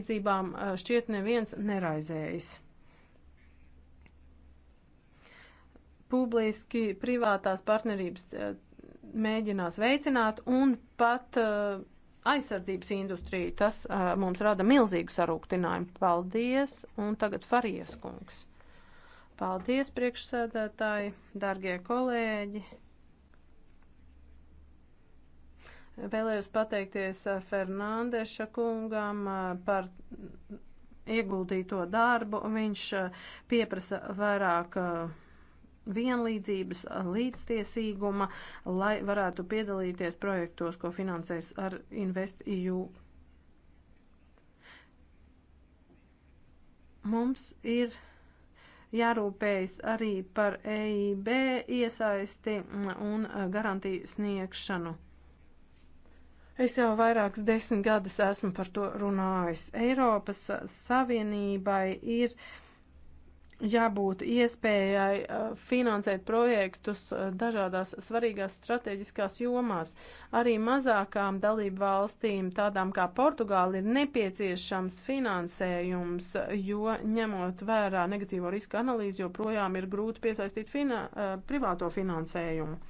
palīdzībām eh, šķiet neviens neraizējis. Publiski privātās partnerības eh, mēģinās veicināt un pat eh, aizsardzības industriju. Tas mums rada milzīgu sarūktinājumu. Paldies! Un tagad Farijas kungs. Paldies, priekšsēdētāji, dargie kolēģi! Vēlējos pateikties eh, Fernandeša kungam eh, par ieguldīto darbu. Viņš eh, pieprasa vairāk vienlīdzības, līdztiesīguma, lai varētu piedalīties projektos, ko finansēs ar InvestEU. Mums ir jārūpējas arī par EIB iesaisti un garantiju sniegšanu. Es jau vairākas desmit gadus esmu par to runājis. Eiropas Savienībai ir jābūt iespējai uh, finansēt projektus uh, dažādās svarīgās strateģiskās jomās. Arī mazākām dalību valstīm, tādām kā Portugāla, ir nepieciešams finansējums, jo ņemot vērā negatīvo risku analīzi, joprojām ir grūti piesaistīt finā, uh, privāto finansējumu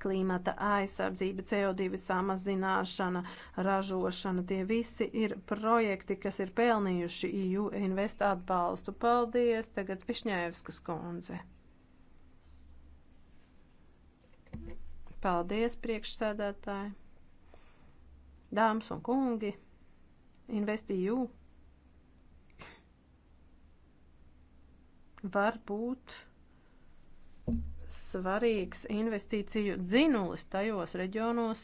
klimata aizsardzība, CO2 samazināšana, ražošana. Tie visi ir projekti, kas ir pelnījuši EU invest atbalstu. Paldies! Tagad Višņēvskas kundze. Paldies, priekšsēdētāji! Dāmas un kungi, InvestEU var būt svarīgs investīciju dzinulis tajos reģionos,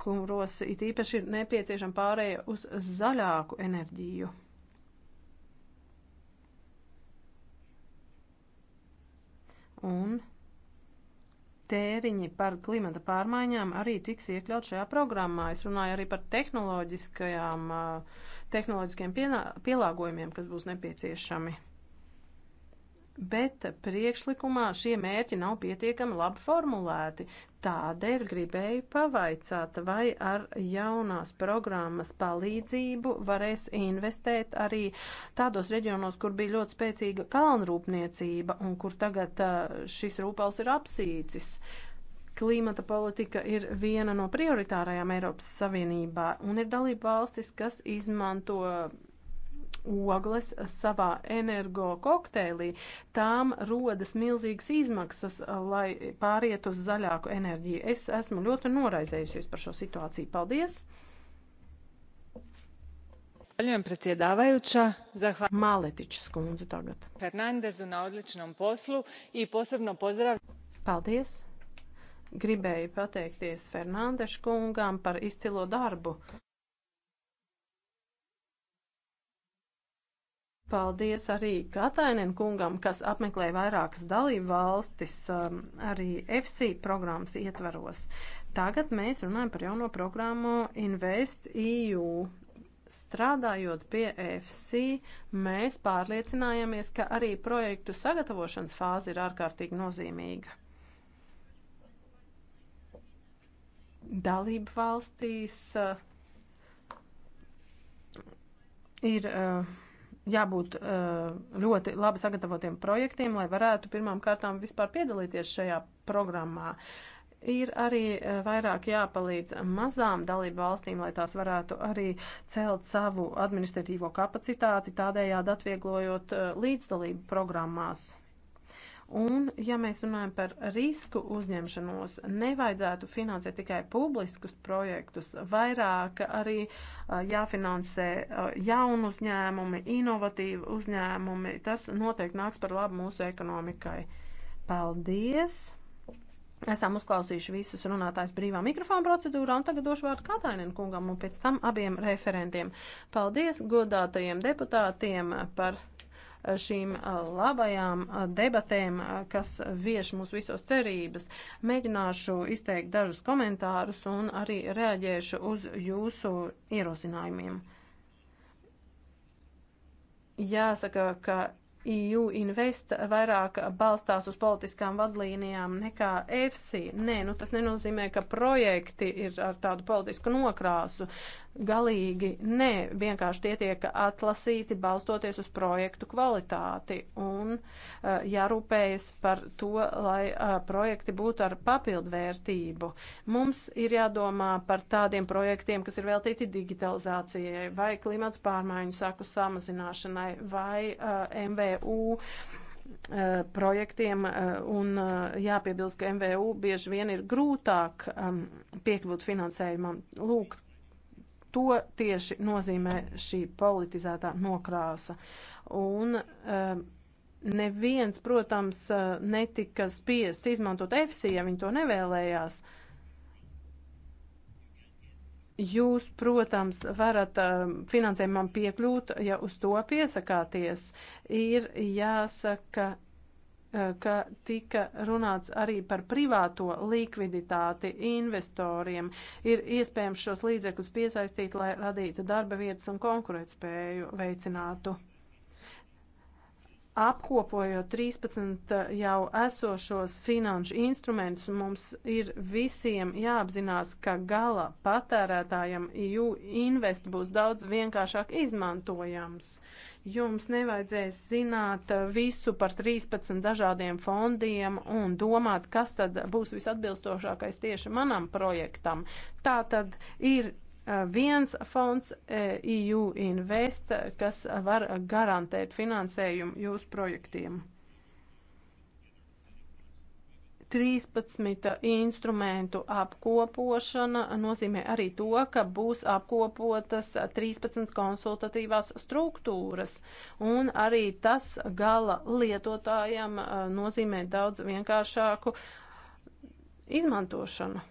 kuros it īpaši ir nepieciešama pārēja uz zaļāku enerģiju. Un tēriņi par klimata pārmaiņām arī tiks iekļaut šajā programmā. Es runāju arī par tehnoloģiskajām, tehnoloģiskiem pielāgojumiem, kas būs nepieciešami bet priekšlikumā šie mērķi nav pietiekami labi formulēti. Tādēļ gribēju pavaicāt, vai ar jaunās programmas palīdzību varēs investēt arī tādos reģionos, kur bija ļoti spēcīga kalnrūpniecība un kur tagad šis rūpals ir apsīcis. Klimata politika ir viena no prioritārajām Eiropas Savienībā, un ir dalība valstis, kas izmanto ogles savā energo kokteilī, tām rodas milzīgas izmaksas, lai pāriet uz zaļāku enerģiju. Es esmu ļoti noraizējusies par šo situāciju. Paldies! Zahvaljujem predsjedavajuća. Zahval... Maletić skundzu tagad. Fernandezu na odličnom poslu i posebno pozdravljam. Paldies! Gribēju pateikties Fernandešu kungām par izcilo darbu. Paldies arī Katainen kungam, kas apmeklē vairākas dalību valstis um, arī FC programmas ietvaros. Tagad mēs runājam par jauno programmu Invest EU strādājot pie EFC, mēs pārliecinājāmies, ka arī projektu sagatavošanas fāze ir ārkārtīgi nozīmīga. Dalību valstīs uh, ir uh, jābūt eh, ļoti labi sagatavotiem projektiem, lai varētu pirmām kārtām vispār piedalīties šajā programmā. Ir arī eh, vairāk jāpalīdz mazām dalību valstīm, lai tās varētu arī celt savu administratīvo kapacitāti, tādējādi atvieglojot eh, līdzdalību programmās. Un, ja mēs runājam par risku uzņemšanos, nevajadzētu finansēt tikai publiskus projektus, vairāk arī jāfinansē jaunu uzņēmumi, inovatīvu uzņēmumi. Tas noteikti nāks par labu mūsu ekonomikai. Paldies! Esam uzklausījuši visus runātājs brīvā mikrofona procedūrā, un tagad došu vārdu Katainen kungam un pēc tam abiem referentiem. Paldies godātajiem deputātiem par šīm labajām debatēm, kas vieš mūs visos cerības. Mēģināšu izteikt dažus komentārus un arī reaģēšu uz jūsu ierosinājumiem. Jāsaka, ka EU Invest vairāk balstās uz politiskām vadlīnijām nekā EFSI. Nē, nu tas nenozīmē, ka projekti ir ar tādu politisku nokrāsu. Galīgi nē, vienkārši tie tiek atlasīti balstoties uz projektu kvalitāti un uh, jārūpējas par to, lai uh, projekti būtu ar papildvērtību. Mums ir jādomā par tādiem projektiem, kas ir veltīti digitalizācijai vai klimatu pārmaiņu saku samazināšanai vai uh, eh, MVU projektiem, un jāpiebilst, ka MVU bieži vien ir grūtāk ehm, piekļūt finansējumam. Lūk, To tieši nozīmē šī politizētā nokrāsa. Un, uh, Neviens, protams, eh, netika spiests izmantot EFSI, ja viņi to nevēlējās. Jūs, protams, varat eh, finansējumam piekļūt, ja uz to piesakāties. Ir jāsaka, Eh, ka tika runāts arī par privāto likviditāti investoriem. Ir iespējams šos līdzekļus piesaistīt, lai radītu darba vietas un konkurētspēju veicinātu apkopojot 13 eh, jau esošos finanšu instrumentus, mums ir visiem jāapzinās, ka gala patērētājam EU invest būs daudz vienkāršāk izmantojams. Jums nevajadzēs zināt eh, visu par 13 dažādiem fondiem un domāt, kas tad būs visatbilstošākais tieši manam projektam. Tā tad ir Eh, viens fonds EU eh, e Invest, kas var garantēt finansējumu jūsu projektiem. 13 instrumentu apkopošana nozīmē arī to, ka būs apkopotas 13 konsultatīvās struktūras, un arī tas gala lietotājam eh, nozīmē daudz vienkāršāku izmantošanu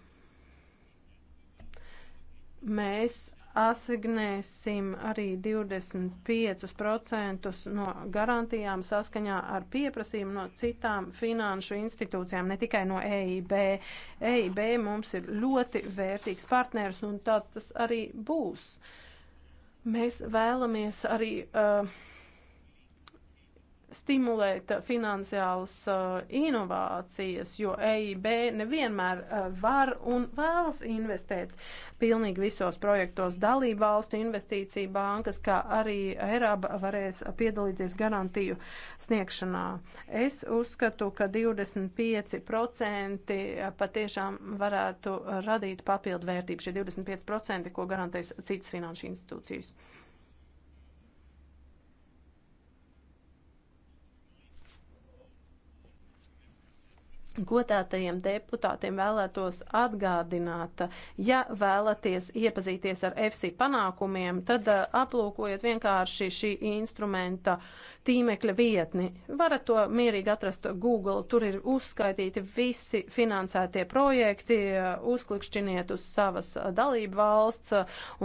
mēs asignēsim arī 25% no garantijām saskaņā ar pieprasījumu no citām finanšu institūcijām, ne tikai no EIB. EIB mums ir ļoti vērtīgs partners, un tāds tas arī būs. Mēs vēlamies arī uh, stimulēt finansiālas uh, inovācijas, jo EIB nevienmēr uh, var un vēlas investēt pilnīgi visos projektos. Dalību valstu investīcija bankas, kā arī ERAB varēs piedalīties garantiju sniegšanā. Es uzskatu, ka 25% uh, patiešām varētu radīt papildu vērtību, šie 25%, ko garantēs citas finanšu institūcijas. Godātajiem deputātiem vēlētos atgādināt, ja vēlaties iepazīties ar EFSI panākumiem, tad aplūkojiet vienkārši šī instrumenta uh, tīmekļa vietni. Varat to mierīgi atrast Google, tur ir uzskaitīti visi finansētie projekti, uzklikšķiniet uz savas dalību valsts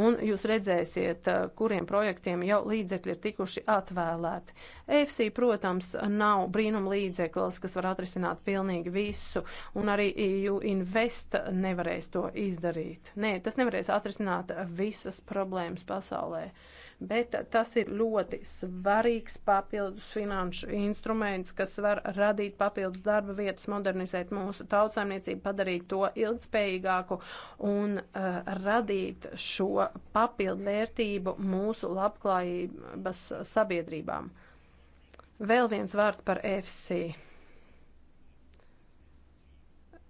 un jūs redzēsiet, kuriem projektiem jau līdzekļi ir tikuši atvēlēti. EFSI, protams, nav brīnum līdzeklis, kas var atrisināt pilnīgi visu, un arī EU Invest nevarēs to izdarīt. Nē, tas nevarēs atrisināt visas problēmas pasaulē. Uh, bet tas ir ļoti svarīgs papildus finanšu instruments, kas var radīt papildus darba vietas, modernizēt mūsu tautsaimniecību, padarīt to ilgspējīgāku un uh, radīt šo papildu vērtību mūsu labklājības sabiedrībām. Vēl viens vārds par FC.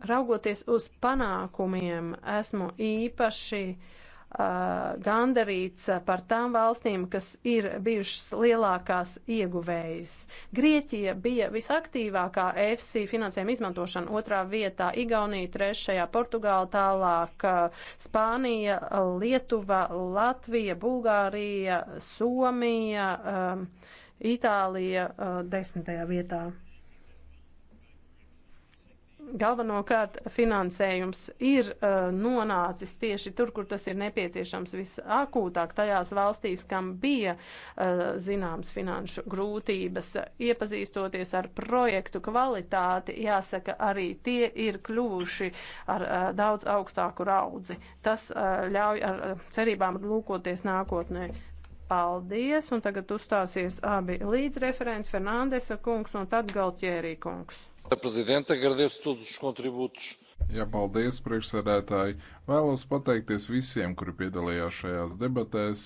Raugoties uz panākumiem, esmu īpaši uh, Uh, gandarīts par tām valstīm, kas ir bijušas lielākās ieguvējas. Grieķija bija visaktīvākā EFSI finansējuma izmantošana otrā vietā, Igaunija trešajā, Portugāla tālāk, uh, Spānija, Lietuva, Latvija, Bulgārija, Somija, um, Itālija uh, desmitajā vietā galvenokārt finansējums ir uh, nonācis tieši tur, kur tas ir nepieciešams visakūtāk, tajās valstīs, kam bija uh, zināms finanšu grūtības. Iepazīstoties ar projektu kvalitāti, jāsaka, arī tie ir kļuvuši ar uh, daudz augstāku raudzi. Tas uh, ļauj ar uh, cerībām lūkoties nākotnē. Paldies, un tagad uzstāsies abi līdzreferents Fernandesa kungs un tad Galtjērī kungs. Jā, paldies, priekšsēdētāji. Vēlos pateikties visiem, kuri piedalījās šajās debatēs.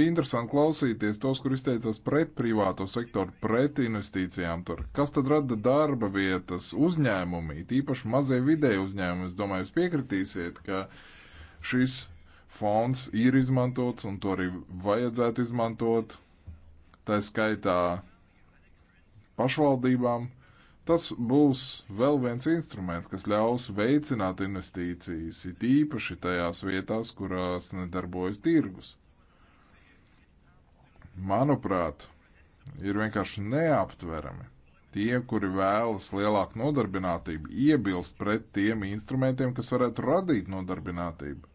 bija interesanti klausīties tos, kur izteicās pret privāto sektoru, pret investīcijām tur. Kas tad rada darba vietas uzņēmumi, tīpaši mazie vidēji uzņēmumi? Es domāju, jūs piekritīsiet, ka šis fonds ir izmantots un to arī vajadzētu izmantot tā skaitā pašvaldībām, tas būs vēl viens instruments, kas ļaus veicināt investīcijas, it īpaši tajās vietās, kurās nedarbojas tirgus. Manuprāt, ir vienkārši neaptverami. Tie, kuri vēlas lielāku nodarbinātību, iebilst pret tiem instrumentiem, kas varētu radīt nodarbinātību.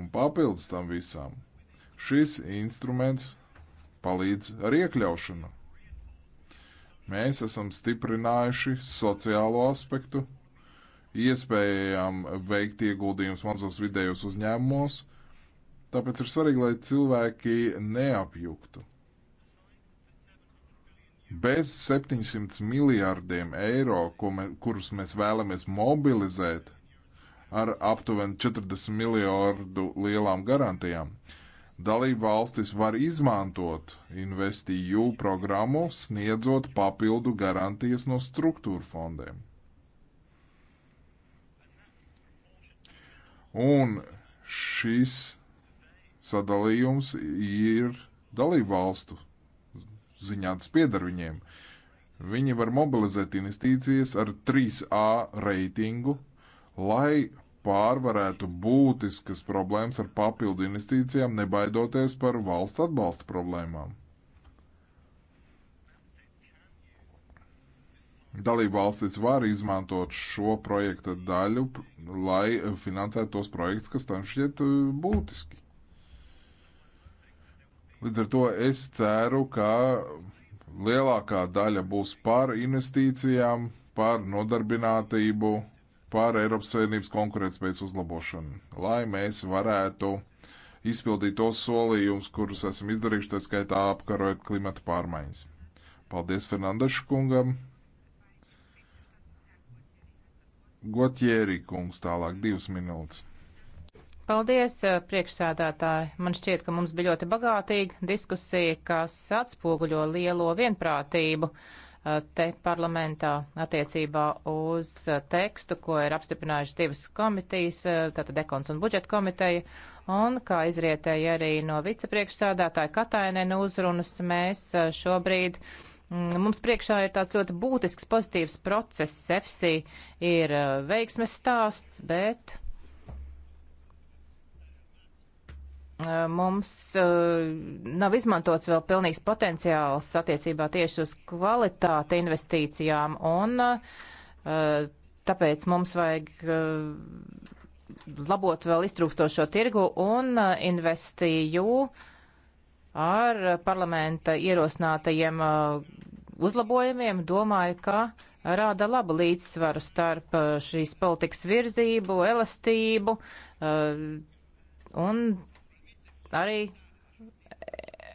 Un papildus tam visam, šis instruments palīdz ar iekļaušanu. Mēs esam stiprinājuši sociālo aspektu, iespējām veikt ieguldījumus mazos vidējos uzņēmumos, tāpēc ir svarīgi, lai cilvēki neapjuktu. Bez 700 miljārdiem eiro, me, kurus mēs vēlamies mobilizēt, ar aptuveni 40 miljārdu lielām garantijām, Dalība valstis var izmantot investīju programmu, sniedzot papildu garantijas no struktūra fondiem. Un šis sadalījums ir dalību valstu ziņā, tas pieder viņiem. Viņi var mobilizēt investīcijas ar 3A reitingu, lai pārvarētu būtiskas problēmas ar papildu investīcijām, nebaidoties par valsts atbalsta problēmām. Dalību valstis var izmantot šo projekta daļu, lai finansētu tos projektus, kas tam šķiet uh, būtiski. Līdz ar to es ceru, ka lielākā daļa būs par investīcijām, par nodarbinātību, par Eiropas Savienības konkurētspējas uzlabošanu, lai mēs varētu izpildīt tos solījumus, kurus esam izdarījuši, tā skaitā apkarojot klimata pārmaiņas. Paldies Fernandešu kungam. Gotjēri kungs tālāk divas minūtes. Paldies, eh, priekšsēdētāji. Man šķiet, ka mums bija ļoti bagātīga diskusija, kas atspoguļo lielo vienprātību uh, te parlamentā attiecībā uz tekstu, ko ir apstiprinājuši divas komitejas, tātad Ekons un budžeta komiteja, un kā izrietēja arī no vicepriekšsādātāja Katainēna uzrunas, mēs šobrīd. Mm, mums priekšā ir tāds ļoti būtisks pozitīvs process. EFSI ir veiksmes stāsts, bet mums nav izmantots vēl pilnīgs potenciāls attiecībā tieši uz kvalitāti investīcijām, un tāpēc mums vajag labot vēl iztrūkstošo tirgu un investīju ar parlamenta ierosinātajiem uzlabojumiem. Domāju, ka rāda labu līdzsvaru starp šīs politikas virzību, elastību un arī eh,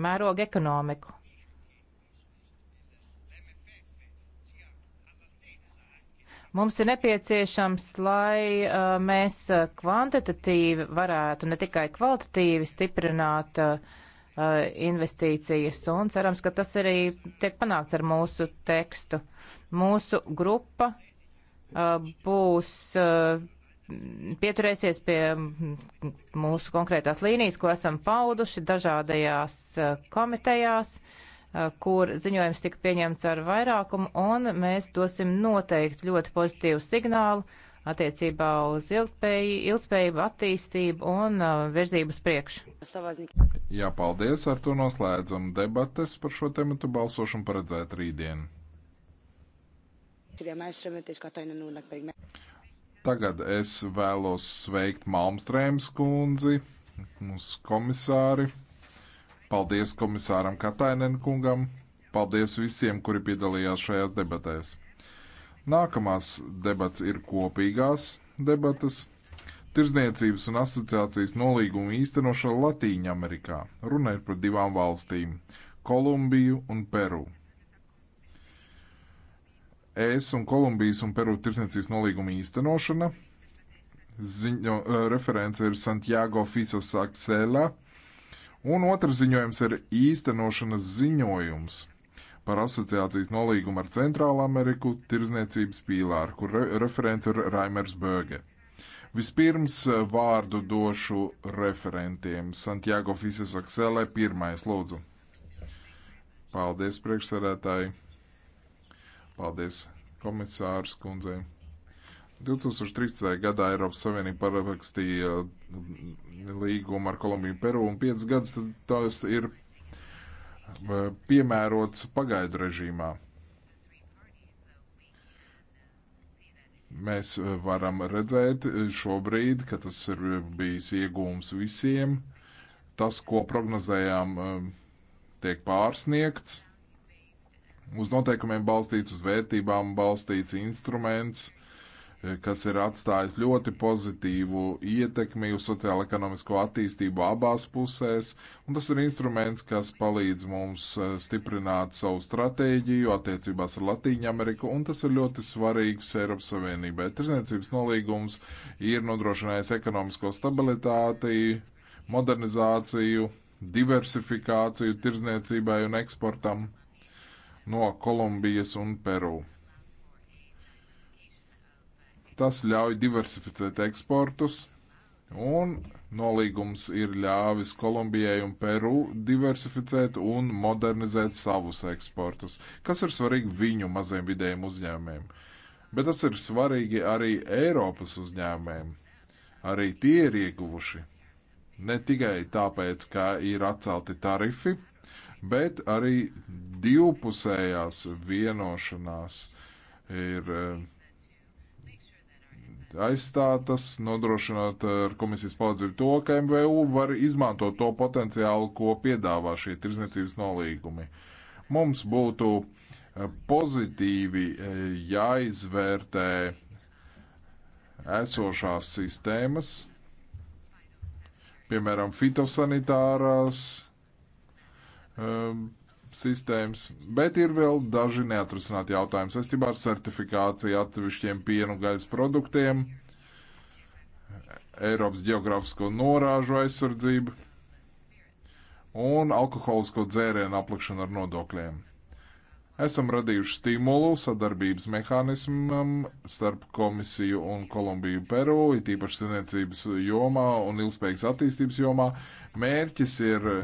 mēroga ekonomiku. Mums ir nepieciešams, lai uh, mēs eh, kvantitatīvi varētu ne tikai kvalitatīvi stiprināt uh, investīcijas, un cerams, ka tas arī tiek panākts ar mūsu tekstu. Mūsu grupa uh, būs uh, pieturēsies pie mūsu konkrētās līnijas, ko esam pauduši dažādajās eh, komitejās, eh, kur ziņojums tika pieņemts ar vairākumu, un mēs dosim noteikti ļoti pozitīvu signālu attiecībā uz ilgspēju, ilgspējību, attīstību un uh, virzību uz priekšu. Jā, paldies. Ar to noslēdzam debates par šo tematu balsošanu paredzēt rītdien. Tagad es vēlos sveikt Malmstrēmas kundzi, mūsu komisāri. Paldies komisāram Katainen kungam. Paldies visiem, kuri piedalījās šajās debatēs. Nākamās debats ir kopīgās debatas - Tirzniecības un asociācijas nolīguma īstenošana Latīņamerikā. Runa ir par divām valstīm - Kolumbiju un Peru. ES un Kolumbijas un Peru tirdzniecības nolīguma īstenošana. Ziņo, eh, referents ir Santiago Fisas Aksela. Un otrs ziņojums ir īstenošanas ziņojums par asociācijas nolīgumu ar Centrālā Ameriku tirzniecības pīlāru, kur re referents ir Raimers Böge. Vispirms eh, vārdu došu referentiem. Santiago Fises Akselē pirmais lūdzu. Paldies, priekšsarētāji! Paldies komisārs kundzei. 2013. gadā Eiropas Savienība parakstīja uh, līgumu ar Kolumbiju Peru un 5 gadus tas ir uh, piemērots pagaidu režīmā. Mēs uh, varam redzēt šobrīd, ka tas ir bijis iegūms visiem. Tas, ko prognozējām, tiek pārsniegts uz noteikumiem balstīts, uz vērtībām balstīts instruments, eh, kas ir atstājis ļoti pozitīvu ietekmi uz sociālo-ekonomisko attīstību abās pusēs, un tas ir instruments, kas palīdz mums eh, stiprināt savu stratēģiju attiecībās ar Latīņu Ameriku, un tas ir ļoti svarīgs Eiropas Savienībai. Tirzniecības nolīgums ir nodrošinājis ekonomisko stabilitāti, modernizāciju, diversifikāciju tirzniecībai un eksportam no Kolumbijas un Peru. Tas ļauj diversificēt eksportus, un nolīgums ir ļāvis Kolumbijai un Peru diversificēt un modernizēt savus eksportus, kas ir svarīgi viņu maziem vidējiem uzņēmumiem. Bet tas ir svarīgi arī Eiropas uzņēmumiem. Arī tie ir ieguvuši. Ne tikai tāpēc, ka ir atcelti tarifi, bet arī divpusējās vienošanās ir eh, aizstātas, nodrošinot eh, ar komisijas palīdzību to, ka MVU var izmantot to potenciālu, ko piedāvā šie tirzniecības nolīgumi. Mums būtu eh, pozitīvi jāizvērtē esošās sistēmas, piemēram, fitosanitārās um, sistēmas, bet ir vēl daži neatrisināti jautājumi saistībā ar certifikāciju atsevišķiem pienu gaļas produktiem, Eiropas geogrāfisko norāžu aizsardzību un alkoholisko dzērienu aplikšanu ar nodokļiem. Esam radījuši stimulu sadarbības mehānismam starp komisiju un Kolumbiju Peru, it īpaši zinniecības jomā un ilgspējīgas attīstības jomā. Mērķis ir uh,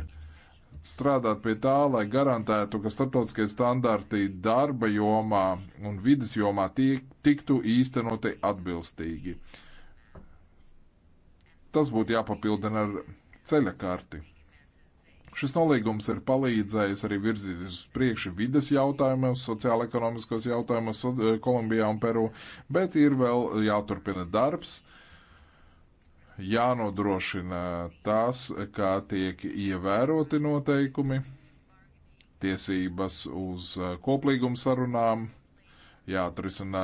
strādāt pie tā, lai garantētu, ka starptautiskie standarti darba jomā un vidas jomā tiek, tiktu īstenoti atbilstīgi. Tas būtu jāpapildina ar ceļa karti. Šis nolīgums ir palīdzējis arī virzīties uz priekšu vidas jautājumos, sociāla-ekonomiskos jautājumos Kolumbijā un Peru, bet ir vēl jāturpina darbs, uh, jānodrošina tas, kā tiek ievēroti noteikumi, tiesības uz uh, koplīgumu sarunām, jāatrisina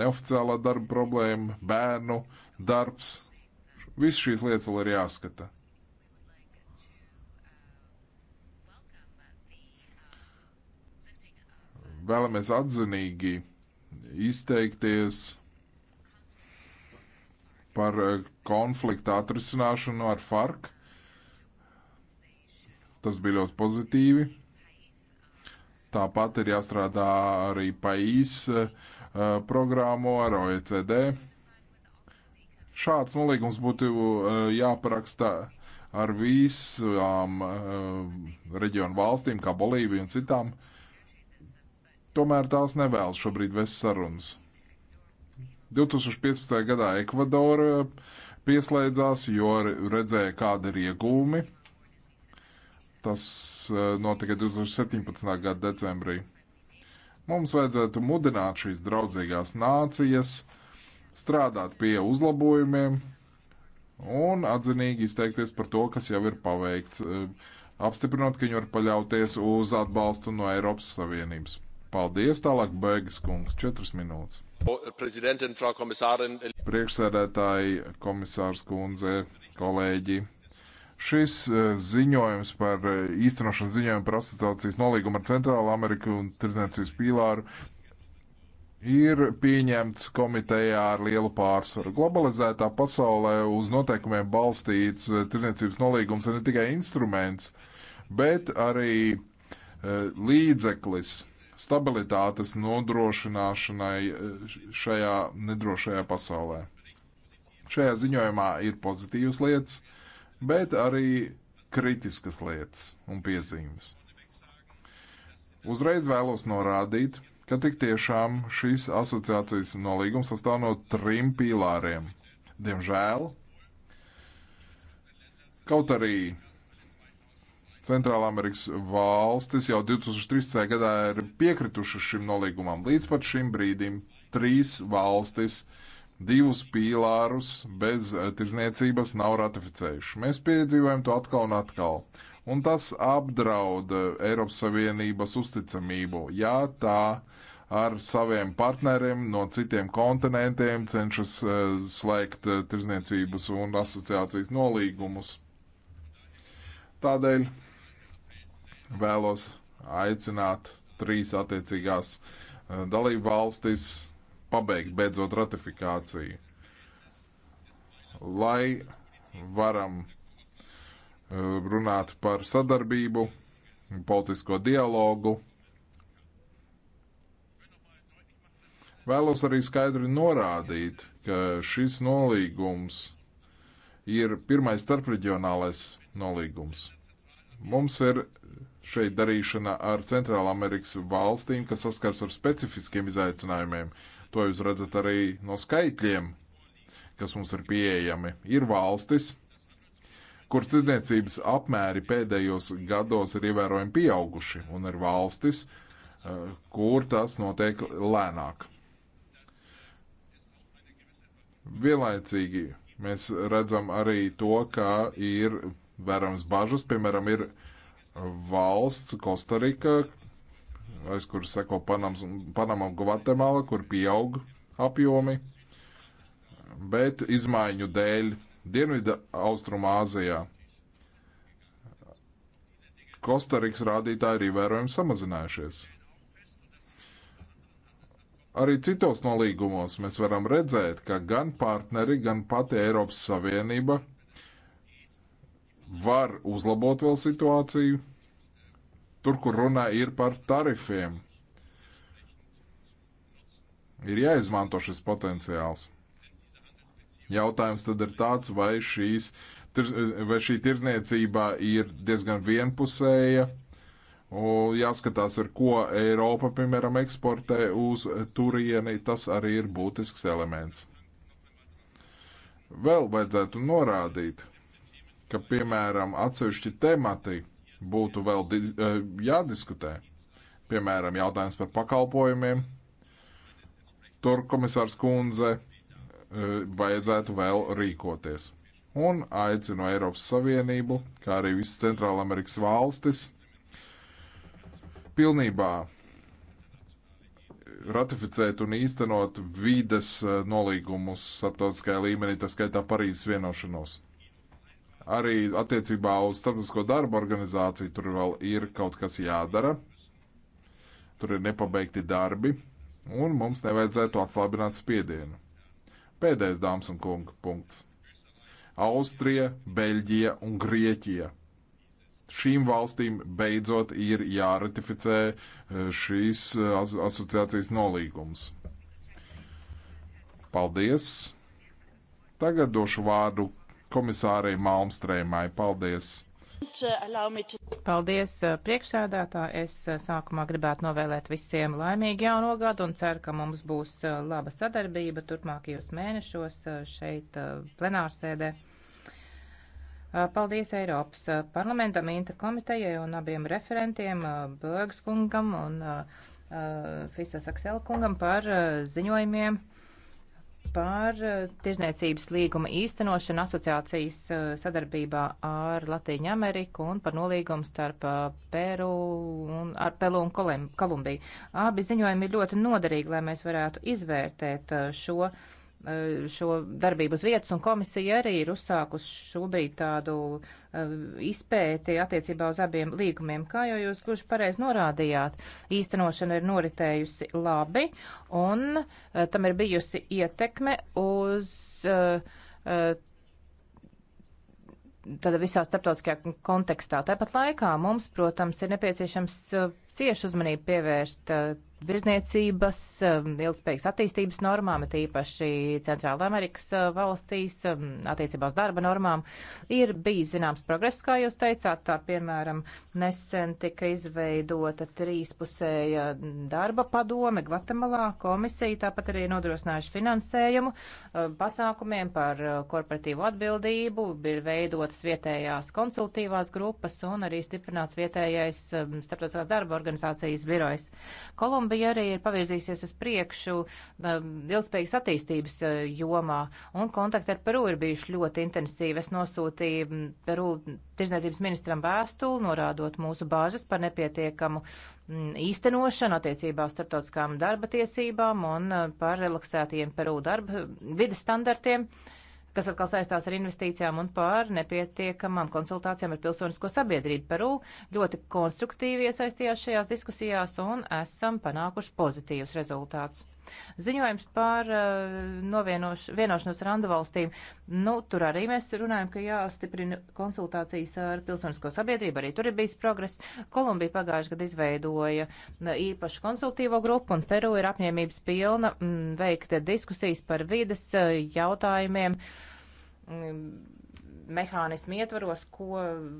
neoficiālā darba problēma, bērnu darbs. Viss šīs lietas vēl ir jāskata. Vēlamies atzinīgi izteikties par eh, konflikta atrisināšanu ar FARC. Tas bija ļoti pozitīvi. Tāpat ir jāstrādā arī PAIS eh, programmu ar OECD. Šāds nolīgums būtu eh, jāparaksta ar visām reģionu valstīm, kā Bolīvija un citām. Tomēr tās nevēlas šobrīd vest sarunas. 2015. gadā Ekvadora pieslēdzās, jo redzēja, kāda ir iegūmi. Tas e, notika 2017. gada decembrī. Mums vajadzētu mudināt šīs draudzīgās nācijas, strādāt pie uzlabojumiem un atzinīgi izteikties par to, kas jau ir paveikts, e, apstiprinot, ka viņi var paļauties uz atbalstu no Eiropas Savienības. Paldies, tālāk Bēgas kungs, četras minūtes. Priekšsēdētāji, komisārs kundze, kolēģi. Šis e, ziņojums par e, īstenošanas ziņojumu par asociācijas nolīgumu ar Centrālu Ameriku un Tirzniecības pīlāru ir pieņemts komitejā ar lielu pārsvaru. Globalizētā pasaulē uz noteikumiem balstīts e, tirniecības nolīgums ir ne tikai instruments, bet arī līdzeklis stabilitātes nodrošināšanai eh, šajā nedrošajā pasaulē. Šajā ziņojumā ir pozitīvas lietas, bet arī kritiskas lietas un piezīmes. Uzreiz vēlos norādīt, ka tik tiešām šīs asociācijas nolīgums sastāv no trim pīlāriem. Diemžēl, kaut arī Centrālamerikas valstis jau 2013. gadā ir piekritušas šim nolīgumam. Līdz pat šim brīdim trīs valstis divus pīlārus bez eh, tirzniecības nav ratificējuši. Mēs piedzīvojam to atkal un atkal. Un tas apdraud eh, Eiropas Savienības uzticamību, ja tā ar saviem partneriem no citiem kontinentiem cenšas eh, slēgt tirzniecības un asociācijas nolīgumus. Tādēļ vēlos aicināt trīs attiecīgās eh, dalību valstis pabeigt beidzot ratifikāciju. Lai varam eh, runāt par sadarbību, politisko dialogu. Vēlos arī skaidri norādīt, ka šis nolīgums ir pirmais starpreģionālais nolīgums. Mums ir šeit darīšana ar Centrālamerikas valstīm, kas saskars ar specifiskiem izaicinājumiem. To jūs redzat arī no skaitļiem, kas mums ir pieejami. Ir valstis, kur tirdzniecības apmēri pēdējos gados ir ievērojami pieauguši, un ir valstis, eh, kur tas notiek lēnāk. Vienlaicīgi mēs redzam arī to, ka ir vērams bažas. Piemēram, ir valsts Kostarika, aiz kuras seko Panams, Panama un Gvatemala, kur pieaug apjomi, bet izmaiņu dēļ Dienvidu Austrumāzijā Kostarikas rādītāji ir ievērojami samazinājušies. Arī citos nolīgumos mēs varam redzēt, ka gan partneri, gan pati Eiropas Savienība var uzlabot vēl situāciju. Tur, kur runa ir par tarifiem, ir jāizmanto šis potenciāls. Jautājums tad ir tāds, vai, šīs, vai šī tirzniecība ir diezgan vienpusēja. Un jāskatās, ar ko Eiropa, piemēram, eksportē uz turieni, tas arī ir būtisks elements. Vēl vajadzētu norādīt, ka, piemēram, atsevišķi temati būtu vēl eh, jādiskutē. Piemēram, jautājums par pakalpojumiem. Tur komisārs kundze eh, vajadzētu vēl rīkoties. Un aicinu Eiropas Savienību, kā arī visas Centrāla Amerikas valstis, pilnībā ratificēt un īstenot vides eh, nolīgumus starptautiskajā līmenī, tā skaitā Parīzes vienošanos. Arī attiecībā uz starptautisko darbu organizāciju tur vēl ir kaut kas jādara. Tur ir nepabeigti darbi, un mums nevajadzētu atslābināt spiedienu. Pēdējais dāmas un kunga punkts. Austrija, Beļģija un Grieķija. Šīm valstīm beidzot ir jāratificē eh, šīs eh, asociācijas nolīgums. Paldies! Tagad došu vārdu komisārei Malmstrēmai. Paldies! Paldies eh, priekšsēdētā. Es eh, sākumā gribētu novēlēt visiem laimīgu jauno gadu un ceru, ka mums būs eh, laba sadarbība turpmākajos mēnešos šeit plenārsēdē. Paldies Eiropas parlamentam, Inta komitejai un abiem referentiem, Bēgs kungam un Fisas Aksel kungam par ziņojumiem par eh, tirzniecības līguma īstenošanu asociācijas eh, sadarbībā ar Latīņu Ameriku un par nolīgumu starp eh, Peru un, ar Pelu un Kolumbiju. Abi ziņojumi ir ļoti noderīgi, lai mēs varētu izvērtēt šo Eh, šo darbību uz vietas, un komisija arī ir uzsākusi šobrīd tādu eh, izpēti attiecībā uz abiem līgumiem. Kā jau jūs gluži pareizi norādījāt, īstenošana ir noritējusi labi, un eh, tam ir bijusi ietekme uz. Tādā visā starptautiskajā kontekstā. Tāpat laikā mums, protams, ir nepieciešams cieši uzmanību pievērst virzniecības, um, ilgspējīgas attīstības normām, tīpaši Centrāla Amerikas uh, valstīs, um, attiecībā uz darba normām, ir bijis zināms progress, kā jūs teicāt, tā piemēram nesen tika izveidota trīspusēja darba padome Gvatemalā, komisija tāpat arī nodrošinājuši finansējumu uh, pasākumiem par uh, korporatīvu atbildību, ir veidotas vietējās konsultīvās grupas un arī stiprināts vietējais um, starptautiskās darba organizācijas birojs. Kolum Kolumbija arī ir pavirzīsies uz priekšu um, ilgspējīgas attīstības uh, jomā, un kontakti ar Peru ir bijuši ļoti intensīvi. Es nosūtīju mm, Peru tirzniecības ministram vēstuli, norādot mūsu bāžas par nepietiekamu mm, īstenošanu attiecībā uz starptautiskām darba tiesībām un uh, par relaksētajiem Peru darba vidas standartiem. Uh, kas atkal saistās ar investīcijām un par nepietiekamām konsultācijām ar pilsonisko sabiedrību. Peru ļoti konstruktīvi iesaistījās šajās diskusijās un esam panākuši pozitīvus rezultātus. Ziņojums par eh, vienošanos ar anduvalstīm. Nu, tur arī mēs runājam, ka jāstiprina konsultācijas ar pilsonisko sabiedrību. Arī tur ir bijis progress. Kolumbija pagājuši gadu izveidoja eh, īpašu konsultīvo grupu, un Peru ir apņēmības pilna mm, veikt diskusijas par vides eh, jautājumiem mm, mehānismu ietvaros, ko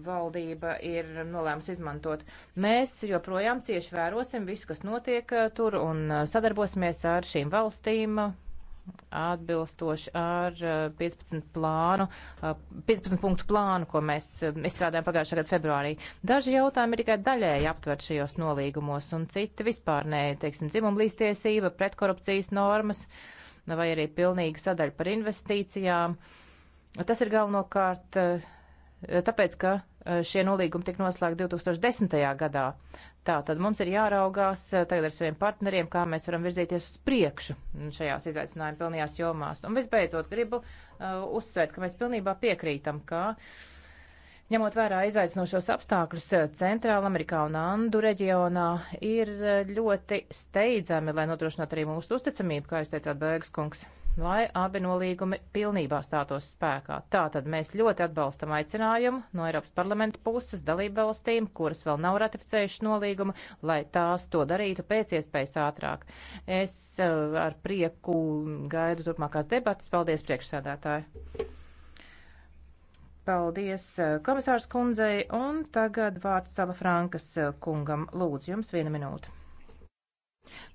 valdība ir nolēmusi izmantot. Mēs joprojām cieši vērosim visu, kas notiek uh, tur, un uh, sadarbosimies ar šīm valstīm uh, atbilstoši ar 15 plānu, 15 punktu plānu, ko mēs izstrādājām pagājušā gada februārī. Daži jautājumi ir tikai daļēji aptvert šajos nolīgumos, un citi vispār nē, teiksim, dzimumlīstiesība, pretkorupcijas normas, vai arī pilnīga sadaļa par investīcijām. Uh, Tas ir galvenokārt eh, tāpēc, ka eh, šie nolīgumi tika noslēgti 2010. gadā. Tā tad mums ir jāraugās eh, tagad ar saviem partneriem, kā mēs varam virzīties uz priekšu šajās izaicinājuma pilnajās jomās. Un visbeidzot, gribu uh, uzsvērt, ka mēs pilnībā piekrītam, ka ņemot vērā izaicinošos apstākļus Centrāla Amerikā un Andu reģionā, ir ļoti steidzami, lai nodrošinātu arī mūsu uzticamību, kā jūs teicāt, Bēgas kungs lai abi nolīgumi pilnībā stātos spēkā. Tātad mēs ļoti atbalstam aicinājumu no Eiropas parlamenta puses dalību valstīm, kuras vēl nav ratificējušas nolīgumu, lai tās to darītu pēc iespējas ātrāk. Es uh, ar prieku gaidu turpmākās debatas. Paldies, priekšsēdētāji! Paldies uh, komisārs kundzei, un tagad vārds Sala Frankas uh, kungam. Lūdzu, jums viena minūte.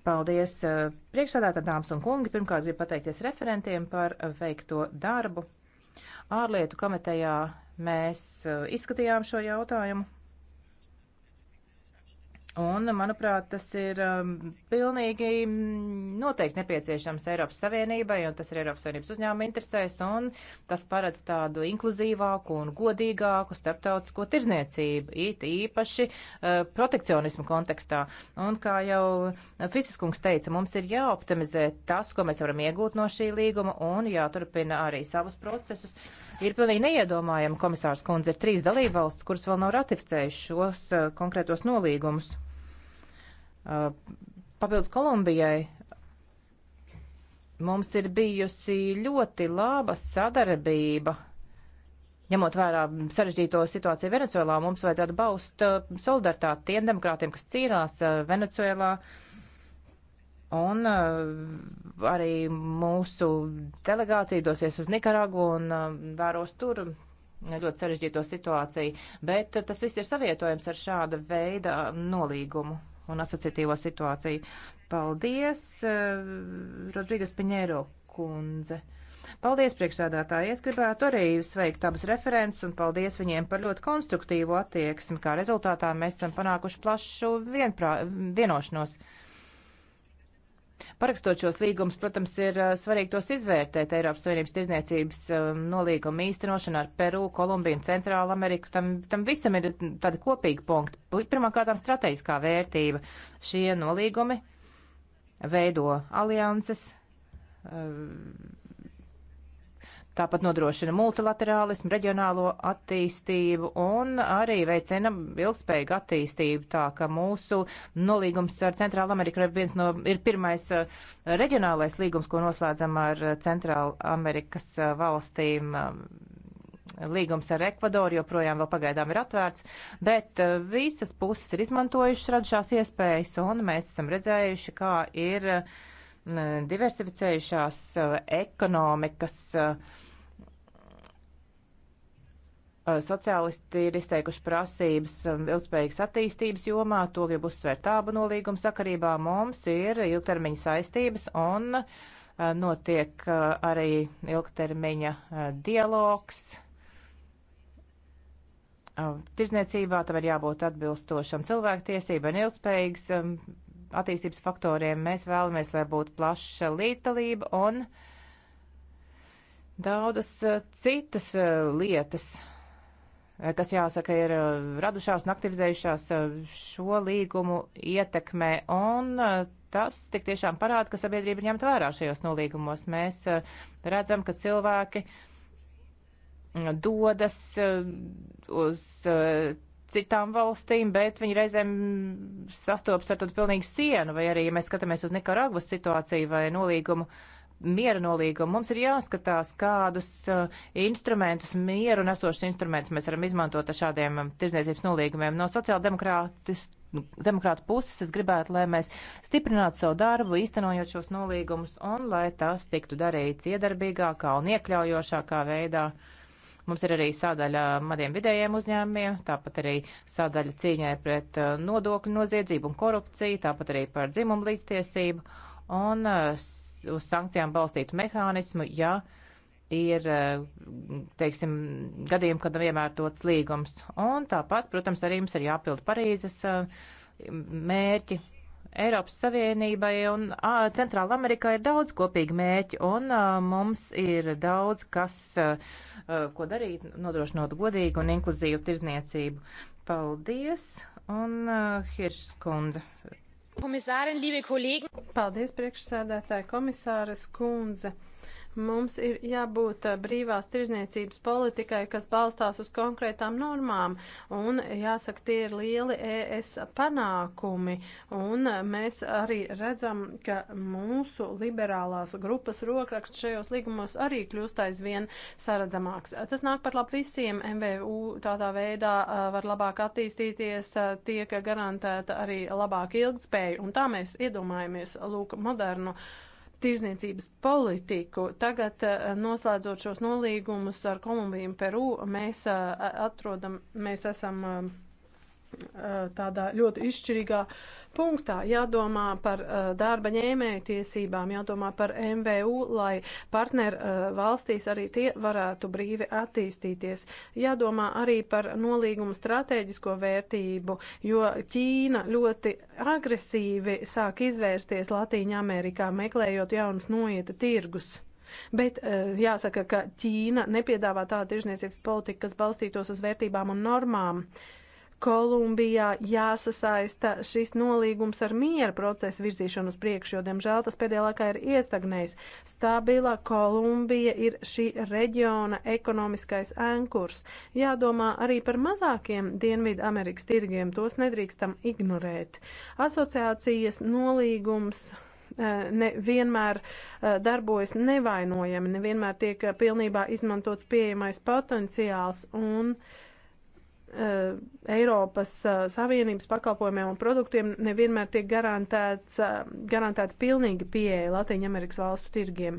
Paldies eh, priekšsādātā dāmas un kungi. Pirmkārt, gribu pateikties referentiem par eh, veikto darbu. Ārlietu komitejā mēs eh, izskatījām šo jautājumu. Un, manuprāt, tas ir um, pilnīgi mm, noteikti nepieciešams Eiropas Savienībai, un tas ir Eiropas Savienības uzņēmuma interesēs, un tas paredz tādu inkluzīvāku un godīgāku starptautisko tirzniecību, it īpaši uh, protekcionismu kontekstā. Un, kā jau Fisiskungs teica, mums ir jāoptimizē tas, ko mēs varam iegūt no šī līguma, un jāturpina arī savus procesus. Uh, Ir pilnīgi neiedomājami, komisārs kundze, ir trīs dalībvalstis, kuras vēl nav ratificējušas šos uh, konkrētos nolīgumus. Uh, papildus Kolumbijai mums ir bijusi ļoti laba sadarbība. Ņemot vērā sarežģīto situāciju Venecuēlā, mums vajadzētu baust eh, solidaritāti tiem demokrātiem, kas cīnās Venecuēlā. Uh, Un uh, arī mūsu delegācija dosies uz Nikaragu un uh, vēros tur ļoti sarežģīto situāciju. Bet uh, tas viss ir savietojams ar šāda veida nolīgumu un asociatīvo situāciju. Paldies, uh, Rodrīgas Piņēro kundze. Paldies, priekšsādātāji. Es gribētu arī sveikt abus referents un paldies viņiem par ļoti konstruktīvu attieksmi, kā rezultātā mēs esam panākuši plašu vienprā, vienošanos. Uh, Parakstot šos līgumus, protams, ir eh, svarīgi tos izvērtēt. Eiropas Savienības tirzniecības eh, nolīguma īstenošana ar Peru, Kolumbiju un Centrālu Ameriku, tam, tam visam ir tādi kopīgi punkti. Pirmkārt, strateģiskā vērtība. Šie nolīgumi veido alianses eh, Tāpat nodrošina multilaterālismu, reģionālo attīstību un arī veicina ilgspējīgu attīstību, tā ka mūsu nolīgums ar Centrālu Ameriku ir viens no, ir pirmais eh, reģionālais līgums, ko noslēdzam ar eh, Centrālu Amerikas eh, valstīm līgums ar Ekvadoru joprojām vēl pagaidām ir atvērts, bet visas puses ir izmantojušas radušās iespējas, un mēs esam redzējuši, kā ir uh, diversificējušās uh, ekonomikas. Uh, uh, sociālisti ir izteikuši prasības um, ilgspējīgas attīstības jomā, to grib uzsvērt abu nolīgumu sakarībā. Mums ir ilgtermiņa saistības un notiek arī ilgtermiņa dialogs. Tirzniecībā tam ir jābūt atbilstošam cilvēktiesībai un ilgspējīgas um, attīstības faktoriem. Mēs vēlamies, lai būtu plaša līdzdalība un daudzas eh, citas eh, lietas, eh, kas jāsaka ir radušās un aktivizējušās šo līgumu ietekmē. Un tas tik tiešām parāda, ka sabiedrība ir ņemta vērā šajos nolīgumos. Mēs redzam, ka cilvēki dodas uz citām valstīm, bet viņi reizēm sastopas ar tādu pilnīgu sienu, vai arī, ja mēs skatāmies uz Nikaragvas situāciju vai nolīgumu, miera nolīgumu, mums ir jāskatās, kādus uh, instrumentus, mieru nesošus instrumentus mēs varam izmantot ar šādiem um, tirzniecības nolīgumiem. No sociāldemokrātis demokrāta puses es gribētu, lai mēs stiprinātu savu darbu, īstenojot šos nolīgumus, un lai tas tiktu darīts iedarbīgākā un iekļaujošākā veidā. Uh, Mums ir arī sādaļa madiem vidējiem uzņēmumiem, tāpat arī sādaļa cīņai pret uh, nodokļu noziedzību un korupciju, tāpat arī par dzimumu līdztiesību un uh, uz sankcijām balstītu mehānismu, ja ir, uh, teiksim, gadījumi, kad nav iemērtots līgums. Un tāpat, protams, arī mums ir jāpild Parīzes mērķi Eiropas Savienībai un Centrāla Amerikā ir daudz kopīgi mēķi, un mums ir daudz, kas, ko darīt, nodrošinot godīgu un inkluzīvu tirzniecību. Paldies, un Hiršs kundze. Paldies, priekšsēdētāji komisāres kundze. Mums ir jābūt brīvās tirzniecības politikai, kas balstās uz konkrētām normām, un jāsaka, tie ir lieli ES panākumi, un mēs arī redzam, ka mūsu liberālās grupas rokraksts šajos līgumos arī kļūst aizvien saredzamāks. Tas nāk par labu visiem, MVU tādā veidā var labāk attīstīties, tiek garantēta arī labāka ilgtspēja, un tā mēs iedomājamies, lūk, modernu. Uh, tirzniecības politiku. Tagad, eh, noslēdzot šos nolīgumus ar Kolumbiju un Peru, mēs eh, atrodam, mēs esam eh, tādā ļoti izšķirīgā punktā. Jādomā par darba ņēmēju tiesībām, jādomā par MVU, lai partneru valstīs arī tie varētu brīvi attīstīties. Jādomā arī par nolīgumu stratēģisko vērtību, jo Ķīna ļoti agresīvi sāk izvērsties Latīņa Amerikā, meklējot jaunas noieta tirgus. Bet jāsaka, ka Ķīna nepiedāvā tādu tirzniecības politiku, kas balstītos uz vērtībām un normām. Uh, Kolumbijā jāsasaista šis nolīgums ar miera procesu virzīšanu uz priekšu, jo, diemžēl, tas pēdējā laikā ir iestagnējis. Stabila Kolumbija ir šī reģiona ekonomiskais ankurs. Jādomā arī par mazākiem Dienvidu Amerikas tirgiem, tos nedrīkstam ignorēt. Asociācijas nolīgums eh, nevienmēr eh, darbojas nevainojami, nevienmēr tiek eh, pilnībā izmantots pieejamais potenciāls un uh, Eh, Eiropas eh, Savienības pakalpojumiem un produktiem nevienmēr tiek garantēts, eh, garantēta pilnīga pieeja Latvijas-Amerikas valstu tirgiem.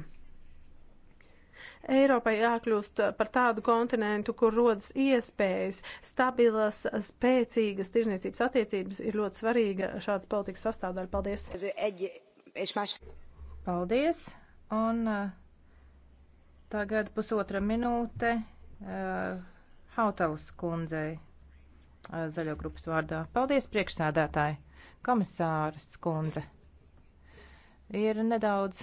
Eiropai jākļūst par tādu kontinentu, kur rodas iespējas, stabilas, spēcīgas tirzniecības attiecības ir ļoti svarīga šādas politikas sastāvdaļa. Paldies! Paldies! Un tagad pusotra minūte. Uh, Hautalas kundzei. Uh, zaļo grupas vārdā. Paldies, priekšsādātāji, komisāras kundze. Ir nedaudz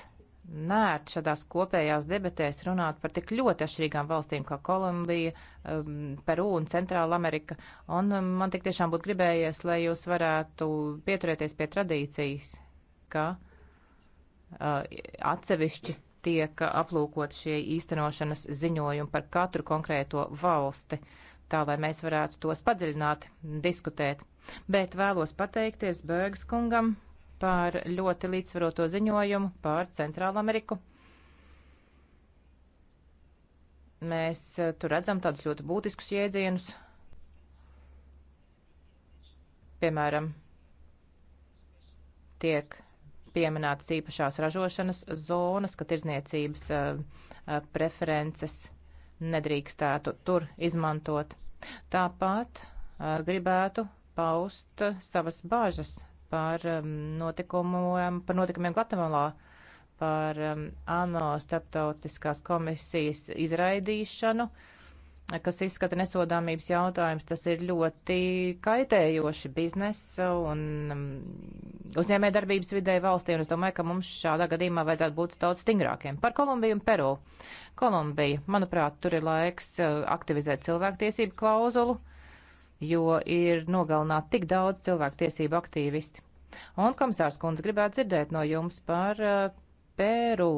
nērt šādās kopējās debatēs runāt par tik ļoti atšķirīgām valstīm kā Kolumbija, um, Peru un Centrāla Amerika. Un um, man tik tiešām būtu gribējies, lai jūs varētu pieturēties pie tradīcijas, ka uh, atsevišķi tiek aplūkot šie īstenošanas ziņojumi par katru konkrēto valsti. Uh, tā lai mēs varētu tos padziļināt, diskutēt. Bet vēlos pateikties Bēgas kungam par ļoti līdzsvaroto ziņojumu par Centrālu Ameriku. Mēs eh, tur redzam tādus ļoti būtiskus jēdzienus, piemēram, tiek pieminētas īpašās ražošanas zonas, ka tirzniecības eh, eh, preferences nedrīkstētu tur izmantot. Tāpat eh, gribētu paust savas bāžas par notikumiem, par notikumiem Gvatemalā, par ANO starptautiskās komisijas izraidīšanu. Uh, kas izskata nesodāmības jautājums, tas ir ļoti kaitējoši biznesa un um, uzņēmē darbības vidēji valstī, un es domāju, ka mums šādā gadījumā vajadzētu būt daudz stingrākiem. Par Kolumbiju un Peru. Kolumbija, manuprāt, tur ir laiks uh, aktivizēt cilvēktiesību klauzulu, jo ir nogalināti tik daudz cilvēktiesību aktīvisti. Un, komisārs kundze, gribētu dzirdēt no jums par uh, Peru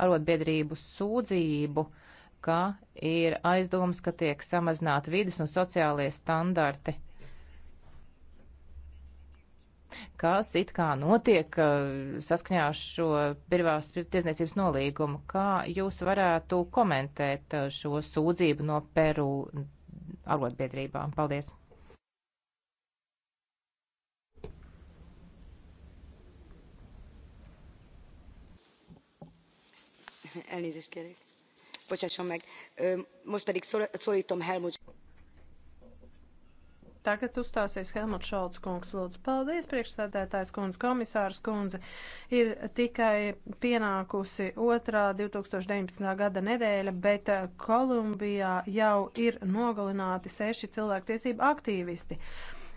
arotbiedrību sūdzību, ka ir aizdomas, ka tiek samazināti vidas un sociālie standarti, kas it kā notiek uh, saskaņā ar šo pirmās tirdzniecības nolīgumu. Kā jūs varētu komentēt uh, šo sūdzību no Peru arotbiedrībām? Paldies! Elnézést kérek bocsásson meg. Most pedig szólítom Helmut. Tagad uzstāsies Helmuts Šalts kungs. Lūdzu, paldies, priekšsēdētājs kundze, komisārs kundze. Ir tikai pienākusi otrā 2019. gada nedēļa, bet eh, Kolumbijā jau ir nogalināti seši cilvēktiesību aktīvisti.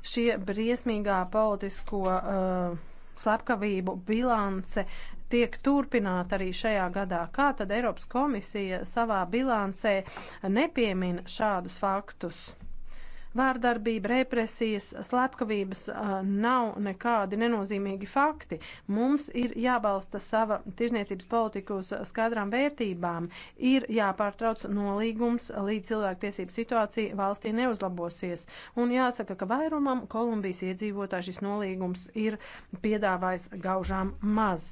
Šie briesmīgā politisko. Uh, slepkavību bilance tiek turpināta arī šajā gadā. Kā tad Eiropas komisija savā bilancē nepiemina šādus faktus? Vārdarbība, represijas, slepkavības nav nekādi nenozīmīgi fakti. Mums ir jābalsta sava tirzniecības politika uz skaidrām vērtībām, ir jāpārtrauc nolīgums, līdz cilvēktiesību situācija valstī neuzlabosies. Un jāsaka, ka vairumam Kolumbijas iedzīvotāji šis nolīgums ir piedāvājis gaužām maz.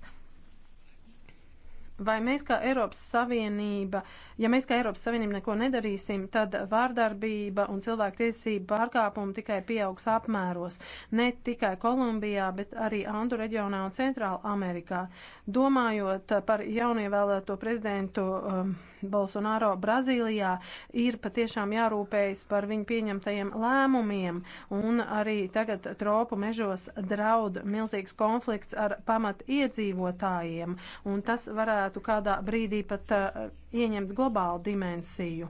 Vai mēs kā Eiropas Savienība, ja mēs kā Eiropas Savienība neko nedarīsim, tad vārdarbība un cilvēktiesība pārkāpumi tikai pieaugs apmēros, ne tikai Kolumbijā, bet arī Andu reģionā un Centrāla Amerikā. Domājot par jaunievēlēto prezidentu um, Bolsonaro Brazīlijā, ir patiešām jārūpējas par viņu pieņemtajiem lēmumiem, un arī tagad tropu mežos draud milzīgs konflikts ar pamat iedzīvotājiem, un tas varētu varētu kādā brīdī pat uh, ieņemt globālu dimensiju.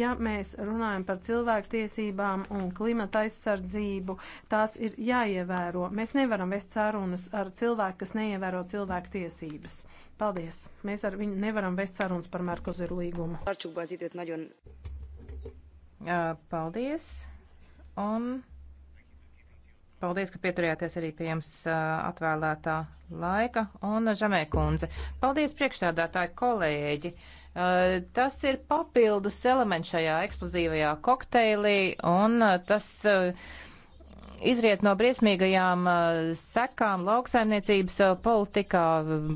Ja mēs runājam par cilvēktiesībām un klimata aizsardzību, tās ir jāievēro. Mēs nevaram vest sarunas ar cilvēku, kas neievēro cilvēku tiesības. Paldies! Mēs ar viņu nevaram vest sarunas par Merkoziru līgumu. Paldies! Un Paldies, ka pieturējāties arī pie jums atvēlētā laika. Un Žamē kundze, paldies priekšsādātāji kolēģi. Tas ir papildus elements šajā eksplozīvajā kokteilī, un tas izriet no briesmīgajām uh, sekām lauksaimniecības uh, politikā, uh,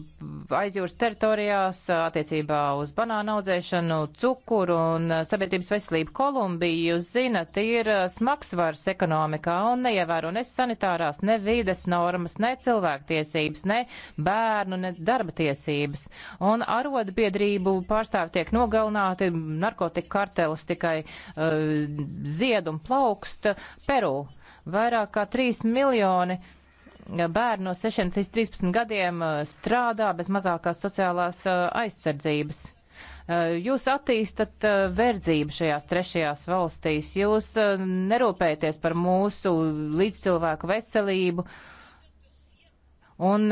aizjūras teritorijās, attiecībā uz banānu audzēšanu, cukuru un sabiedrības veselību. Kolumbija, jūs zinat, ir smagsvars ekonomikā un neievēro ne sanitārās, ne vides normas, ne cilvēktiesības, ne bērnu, ne darba tiesības. Un arotbiedrību pārstāvi tiek nogalināti, narkotika kartelis tikai uh, zied un plaukst Peru. Vairāk kā 3 miljoni bērni no 6 līdz 13 gadiem uh, strādā bez mazākās sociālās uh, aizsardzības. Uh, jūs attīstat verdzību šajās trešajās valstīs, jūs nerūpēties par mūsu līdzcilvēku veselību, un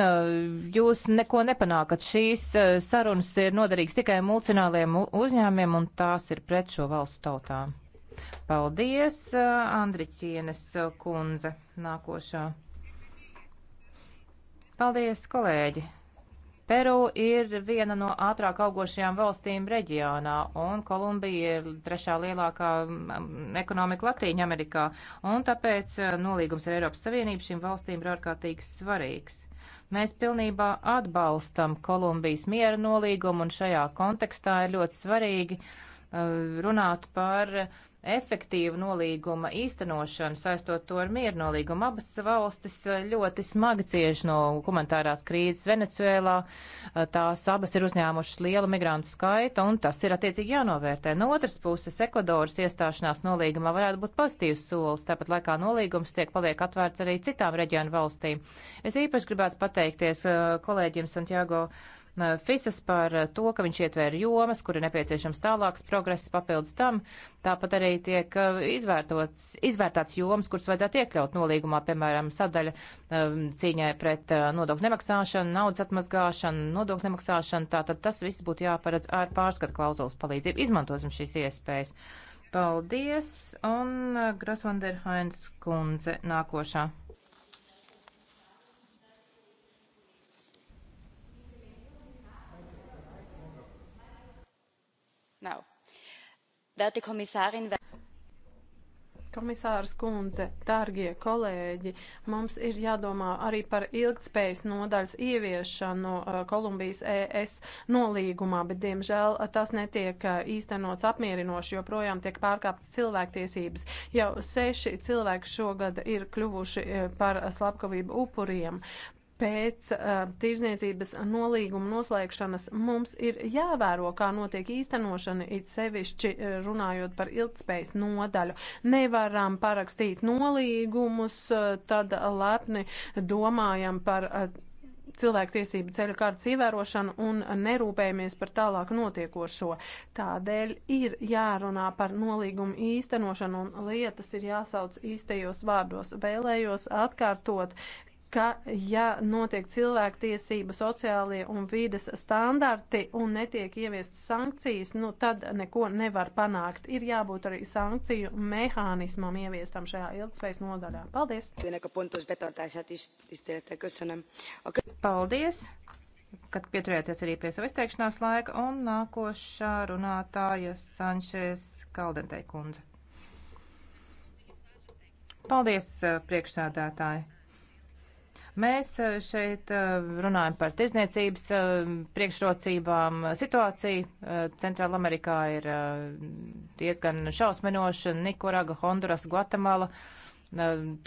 jūs neko nepanākat. Šīs sarunas ir noderīgas tikai multināliem uzņēmiem, un tās ir pret šo valstu tautām. Paldies, Andriķienes kundze, nākošā. Paldies, kolēģi! Peru ir viena no ātrāk augošajām valstīm reģionā, un Kolumbija ir trešā lielākā ekonomika Latīņa Amerikā, un tāpēc nolīgums ar Eiropas Savienību šīm valstīm ir ārkārtīgi svarīgs. Mēs pilnībā atbalstam Kolumbijas miera nolīgumu, un šajā kontekstā ir ļoti svarīgi uh, Eh, runāt par efektīvu nolīguma īstenošanu, saistot to ar mieru nolīgumu. Abas valstis ļoti smagi cieš no humanitārās krīzes Venecuēlā. Eh, tās abas ir uzņēmušas lielu migrantu skaitu, un tas ir attiecīgi jānovērtē. No otras puses, Ekvadoras iestāšanās nolīgumā varētu būt pozitīvs solis, tāpat laikā nolīgums tiek paliek atvērts arī citām reģionu valstīm. Es īpaši gribētu pateikties eh, kolēģiem Santiago. Uh, Eh, Fisas par eh, to, ka viņš ietvēra jomas, kur ir nepieciešams tālāks progress papildus tam. Tāpat arī tiek eh, izvērtāts jomas, kuras vajadzētu iekļaut nolīgumā, piemēram, sadaļa cīņai pret nodokļu nemaksāšanu, naudas atmazgāšanu, nodokļu nemaksāšanu. Tātad tas viss būtu jāparedz ar pārskatu klauzulas palīdzību. Izmantosim šīs iespējas. Paldies, un Grasvanderhains kundze nākošā. Werte Kommissarin, Komisārs kundze, dārgie kolēģi, mums ir jādomā arī par ilgtspējas nodaļas ieviešanu uh, Kolumbijas ES nolīgumā, bet, diemžēl, uh, tas netiek uh, īstenots apmierinoši, joprojām tiek pārkāptas cilvēktiesības. Jau seši cilvēki šogad ir kļuvuši par slepkavību upuriem pēc uh, tirzniecības nolīguma noslēgšanas mums ir jāvēro, kā notiek īstenošana, it sevišķi uh, runājot par ilgspējas nodaļu. Nevaram parakstīt nolīgumus, uh, tad lepni domājam par. Uh, cilvēktiesību ceļu kārtas ievērošanu un nerūpējamies par tālāk notiekošo. Tādēļ ir jārunā par nolīgumu īstenošanu un lietas ir jāsauc īstajos vārdos. Vēlējos atkārtot, ka, ja notiek cilvēktiesība, sociālie un vīdes standarti un netiek ieviestas sankcijas, nu tad neko nevar panākt. Ir jābūt arī sankciju mehānismam ieviestam šajā ilgspējas nodaļā. Paldies! Paldies! Kad pieturēties arī pie sava izteikšanās laika un nākošā runātāja Sančēs Kaldentei kundze. Paldies, priekšsādātāji! Mēs eh, šeit eh, runājam par tirzniecības eh, priekšrocībām. Situācija Centrāla Amerikā ir diezgan šausminoša. Nikaraga, Honduras, Gvatemala.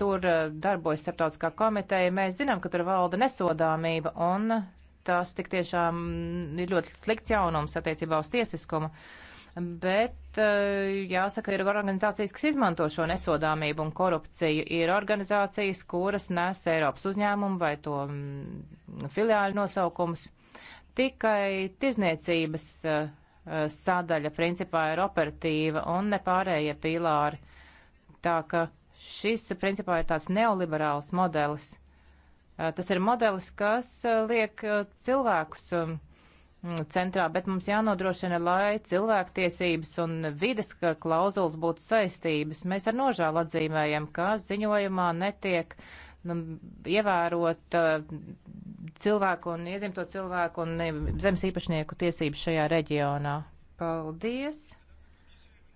Tur darbojas starptautiskā komiteja. Mēs zinām, ka tur valda nesodāmība un tas tik tiešām ir ļoti slikts jaunums attiecībā uz tiesiskumu. Uh, bet eh, jāsaka, ir organizācijas, kas izmanto šo nesodāmību un korupciju. Ir organizācijas, kuras nes Eiropas uzņēmumu vai to mm, filiāļu nosaukums. Tikai tirzniecības eh, sadaļa principā ir operatīva un nepārējie pīlāri. Tā ka šis principā ir tāds neoliberāls modelis. Eh, tas ir modelis, kas liek cilvēkus mm, Mm, centrā, bet mums jānodrošina, lai cilvēktiesības un vides klauzulas būtu saistības. Mēs ar nožēlu atzīmējam, ka ziņojumā netiek nu, ievērot uh, cilvēku un iedzimto cilvēku un zemes īpašnieku tiesības šajā reģionā. Paldies!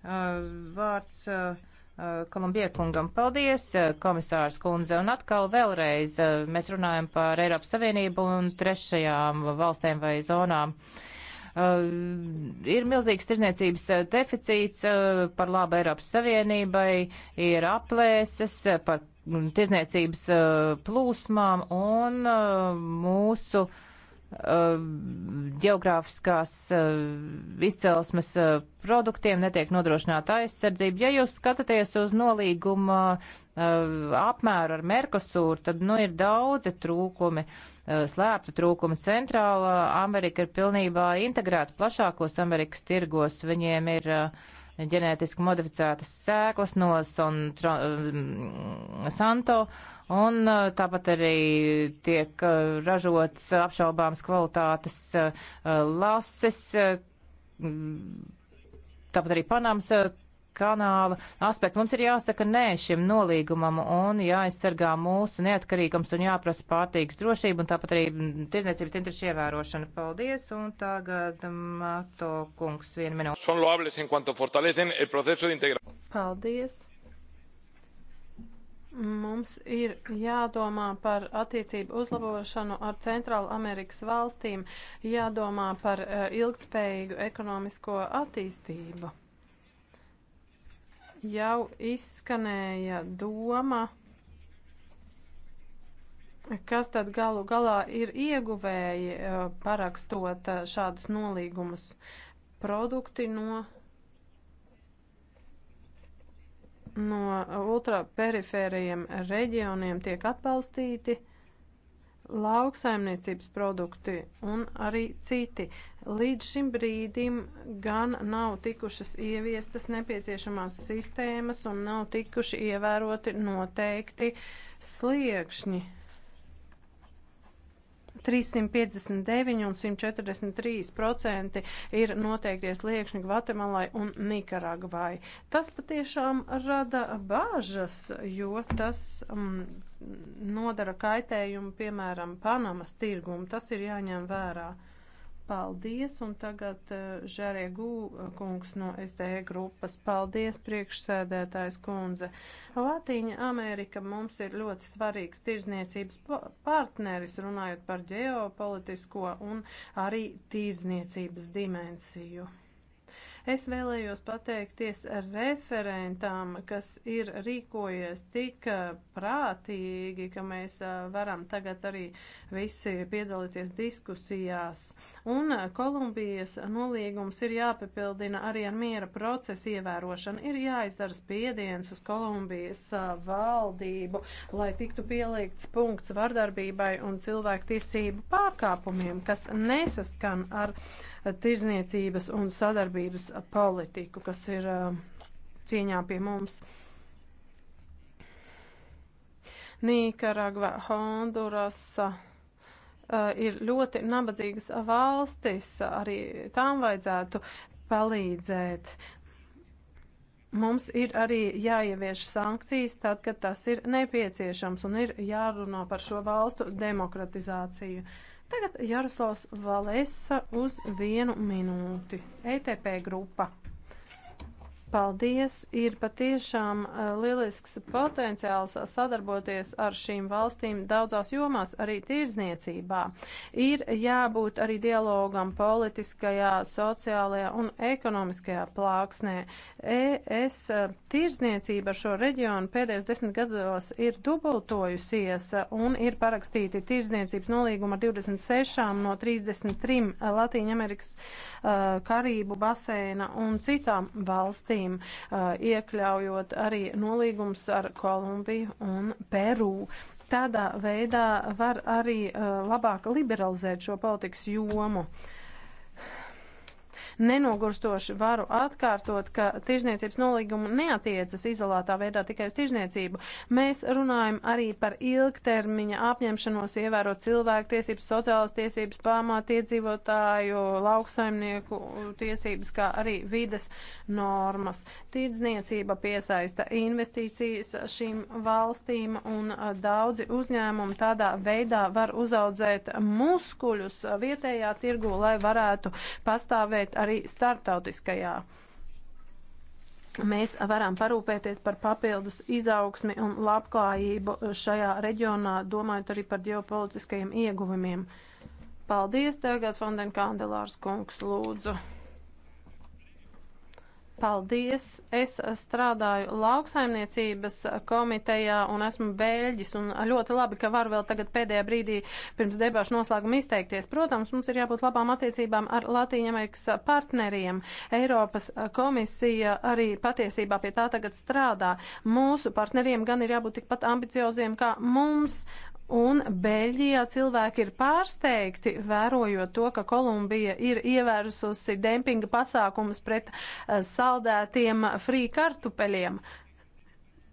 Uh, vārds. Uh, Eh, Kolumbijekungam paldies, eh, komisārs kundze, un atkal vēlreiz eh, mēs runājam par Eiropas Savienību un trešajām valstēm vai zonām. Ir milzīgs tirzniecības deficīts par labu Eiropas Savienībai, ir aplēses par tirzniecības plūsmām un mūsu uh, ģeogrāfiskās uh, uh, izcelsmes uh, produktiem netiek nodrošināta aizsardzība. Ja jūs skatāties uz nolīguma apmēru ar Merkosūru, tad nu ir daudzi trūkumi, slēpti trūkumi. Centrāla Amerika ir pilnībā integrēta plašākos Amerikas tirgos. Viņiem ir uh, ģenētiski modificētas sēklas no Son, tro, mm, Santo, un uh, tāpat arī tiek uh, ražots apšaubāms kvalitātes uh, lases, mm, tāpat arī Panamas kanāla aspektu. Mums ir jāsaka nē šim nolīgumam un jāaizsargā mūsu neatkarīgums un jāprasa pārtīgas drošība un tāpat arī tiesniecības interešu ievērošana. Paldies un tagad mm, Mato kungs vienu minūti. Paldies. Mums ir jādomā par attiecību uzlabošanu ar Centrāla Amerikas valstīm, jādomā par eh, ilgtspējīgu ekonomisko attīstību jau izskanēja doma, kas tad galu galā ir ieguvēji eh, parakstot eh, šādus nolīgumus produkti no no ultraperifēriem reģioniem tiek atbalstīti lauksaimniecības produkti un arī citi. Līdz šim brīdim gan nav tikušas ieviestas nepieciešamās sistēmas un nav tikuši ievēroti noteikti sliekšņi. 359 un 143 procenti ir noteikties liekšņi Gvatemalai un Nikaragvai. Tas patiešām rada bāžas, jo tas mm, nodara kaitējumu, piemēram, Panamas tirgumu. Tas ir jāņem vērā. Paldies, un tagad eh, Žērē Gū eh, kungs no SDE grupas. Paldies, priekšsēdētājs kundze. Latīņa Amerika mums ir ļoti svarīgs tirzniecības partneris, runājot par ģeopolitisko un arī tirzniecības dimensiju. Es vēlējos pateikties referentam, kas ir rīkojies tik eh, prātīgi, ka mēs eh, varam tagad arī visi piedalīties diskusijās. Un eh, Kolumbijas nolīgums ir jāpapildina arī ar miera procesu ievērošanu. Ir jāizdara spiediens uz Kolumbijas valdību, lai tiktu pielikts punkts vardarbībai un cilvēktiesību pārkāpumiem, kas nesaskan ar tirzniecības un sadarbības politiku, kas ir um, cieņā pie mums. Nikaragva, Hondurasa uh, ir ļoti nabadzīgas valstis, arī tām vajadzētu palīdzēt. Mums ir arī jāievieš sankcijas tad, kad tas ir nepieciešams, un ir jārunā par šo valstu demokratizāciju. Uh, Tagad Jaroslavs Valesa uz vienu minūti. ETP grupa. Paldies! Ir patiešām eh, lielisks potenciāls sadarboties ar šīm valstīm daudzās jomās, arī tirzniecībā. Ir jābūt arī dialogam politiskajā, sociālajā un ekonomiskajā plāksnē. ES eh, tirzniecība ar šo reģionu pēdējos desmit gados ir dubultojusies eh, un ir parakstīti tirzniecības nolīguma ar 26 no 33 Latīņamerikas, Karību baseina un citām valstīm valstīm, iekļaujot arī nolīgums ar Kolumbiju un Peru. Tādā veidā var arī labāk liberalizēt šo politikas jomu. Uh, nenogurstoši varu atkārtot, ka tirzniecības nolīguma neatiecas izolētā veidā tikai uz tirzniecību. Mēs runājam arī par ilgtermiņa apņemšanos ievērot cilvēku tiesības, sociālas tiesības, pamātiedzīvotāju, lauksaimnieku tiesības, kā arī vides normas. Tirdzniecība piesaista investīcijas šīm valstīm un daudzi uzņēmumi tādā veidā var uzaudzēt muskuļus vietējā tirgu, lai varētu pastāvēt bet arī startautiskajā. Mēs varam parūpēties par papildus izaugsmi un labklājību šajā reģionā, domājot arī par ģeopolitiskajiem ieguvumiem. Paldies, tagad Fondenkandelārs kungs lūdzu. Paldies! Es strādāju lauksaimniecības komitejā un esmu Bēļģis, un ļoti labi, ka varu vēl tagad pēdējā brīdī pirms debašu noslēguma izteikties. Protams, mums ir jābūt labām attiecībām ar Latīņamerikas partneriem. Eiropas komisija arī patiesībā pie tā tagad strādā. Mūsu partneriem gan ir jābūt tikpat ambicioziem kā mums, Un Beļģijā cilvēki ir pārsteigti, vērojot to, ka Kolumbija ir ievērususi dempinga pasākumus pret eh, saldētiem frī kartupeļiem.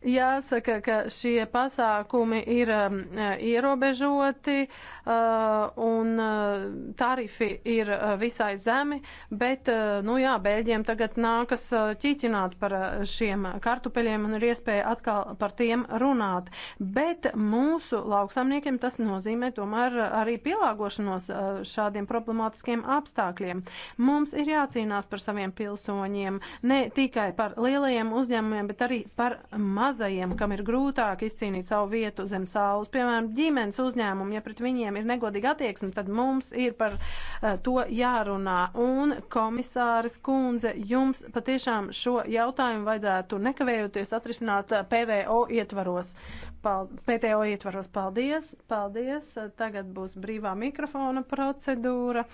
Jāsaka, ka šie pasākumi ir um, ierobežoti uh, un uh, tarifi ir uh, visai zemi, bet, uh, nu jā, Bēļģiem tagad nākas uh, ķīķināt par uh, šiem kartupeļiem un ir iespēja atkal par tiem runāt. Bet mūsu lauksamniekiem tas nozīmē tomēr arī pielāgošanos uh, šādiem problemātiskiem apstākļiem. Mums ir jācīnās par saviem pilsoņiem, ne tikai par lielajiem uzņēmumiem, bet arī par mazajiem mazajiem, kam ir grūtāk izcīnīt savu vietu zem saules. Piemēram, ģimenes uzņēmumi, ja pret viņiem ir negodīga attieksme, tad mums ir par uh, to jārunā. Un komisāris kundze, jums patiešām šo jautājumu vajadzētu nekavējoties atrisināt eh, PVO ietvaros. Pal PTO ietvaros. Paldies, paldies. Tagad būs brīvā mikrofona procedūra.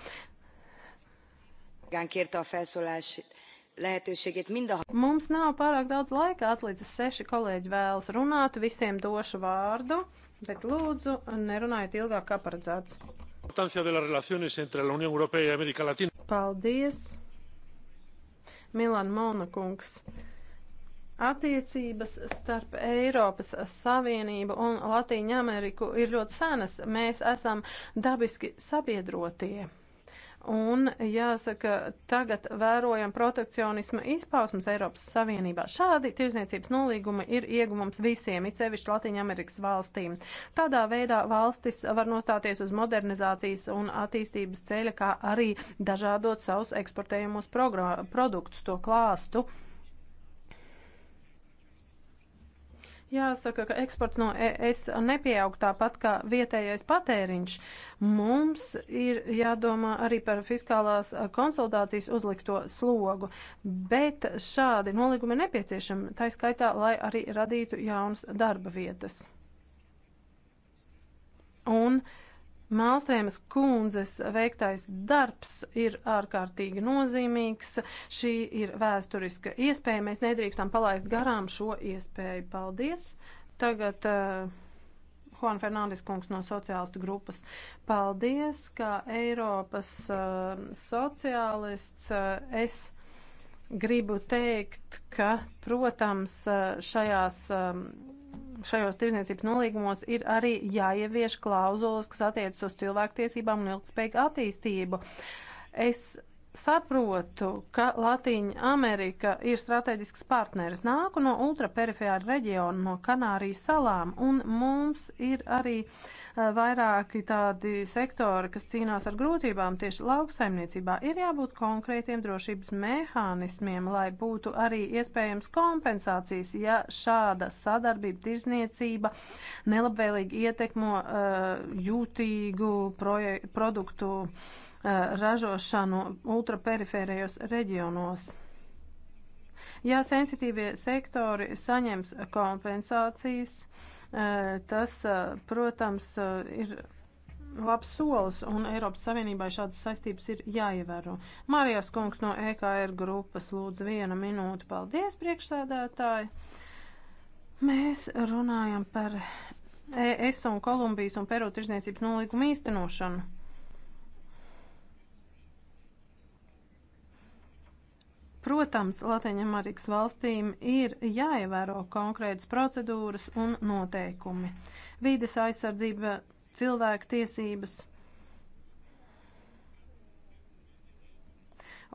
Gan kirto felszólását lehetőségét mind a... Mums nav pārāk daudz laika atlicis, seši kolēģi vēlas runāt, visiem došu vārdu, bet lūdzu, nerunājiet ilgāk kā paredzēts. Paldies! Milan Monakungs. Attiecības starp Eiropas Savienību un Latīņu Ameriku ir ļoti senas. Mēs esam dabiski sabiedrotie. Un jāsaka, tagad vērojam protekcionisma izpausmas Eiropas Savienībā. Šādi tirzniecības nolīgumi ir iegumums visiem, it sevišķi Latīņa Amerikas valstīm. Tādā veidā valstis var nostāties uz modernizācijas un attīstības ceļa, kā arī dažādot savus eksportējumos produktus, to klāstu. Uh, Jāsaka, ka eksports no ES nepieaug tāpat kā vietējais patēriņš. Mums ir jādomā arī par fiskālās konsolidācijas uzlikto slogu, bet šādi nolīgumi ir nepieciešami, tā skaitā, lai arī radītu jaunas darba vietas. Un uh, Mālstrēmas kundzes veiktais darbs ir ārkārtīgi nozīmīgs. Šī ir vēsturiska iespēja. Mēs nedrīkstam palaist garām šo iespēju. Paldies! Tagad uh, Juan Fernandes kungs no sociālistu grupas. Paldies, kā Eiropas uh, sociālists. Uh, es gribu teikt, ka, protams, uh, šajās. Uh, šajos tirzniecības nolīgumos ir arī jāievieš klauzulas, kas attiecas uz cilvēktiesībām un ilgspējīgu attīstību. Es saprotu, ka Latīņa Amerika ir strateģisks partneris. Nāku no ultraperifēra reģiona, no Kanārijas salām, un mums ir arī eh, vairāki tādi sektori, kas cīnās ar grūtībām tieši lauksaimniecībā. Ir jābūt konkrētiem drošības mehānismiem, lai būtu arī iespējams kompensācijas, ja šāda sadarbība, tirzniecība nelabvēlīgi ietekmo uh, jūtīgu produktu uh, Uh, ražošanu ultraperifērajos reģionos. Ja sensitīvie sektori saņems kompensācijas, uh, tas, uh, protams, ir labs solis, un Eiropas Savienībai šādas saistības ir jāievēro. Mārijas kungs no EKR grupas lūdzu viena minūte. Paldies, priekšsēdētāji! Mēs runājam par ES un Kolumbijas un Peru tirzniecības nolīgumu īstenošanu. Protams, Latvijas-Amerikas valstīm ir jāievēro konkrētas procedūras un noteikumi. Vīdes aizsardzība, cilvēku tiesības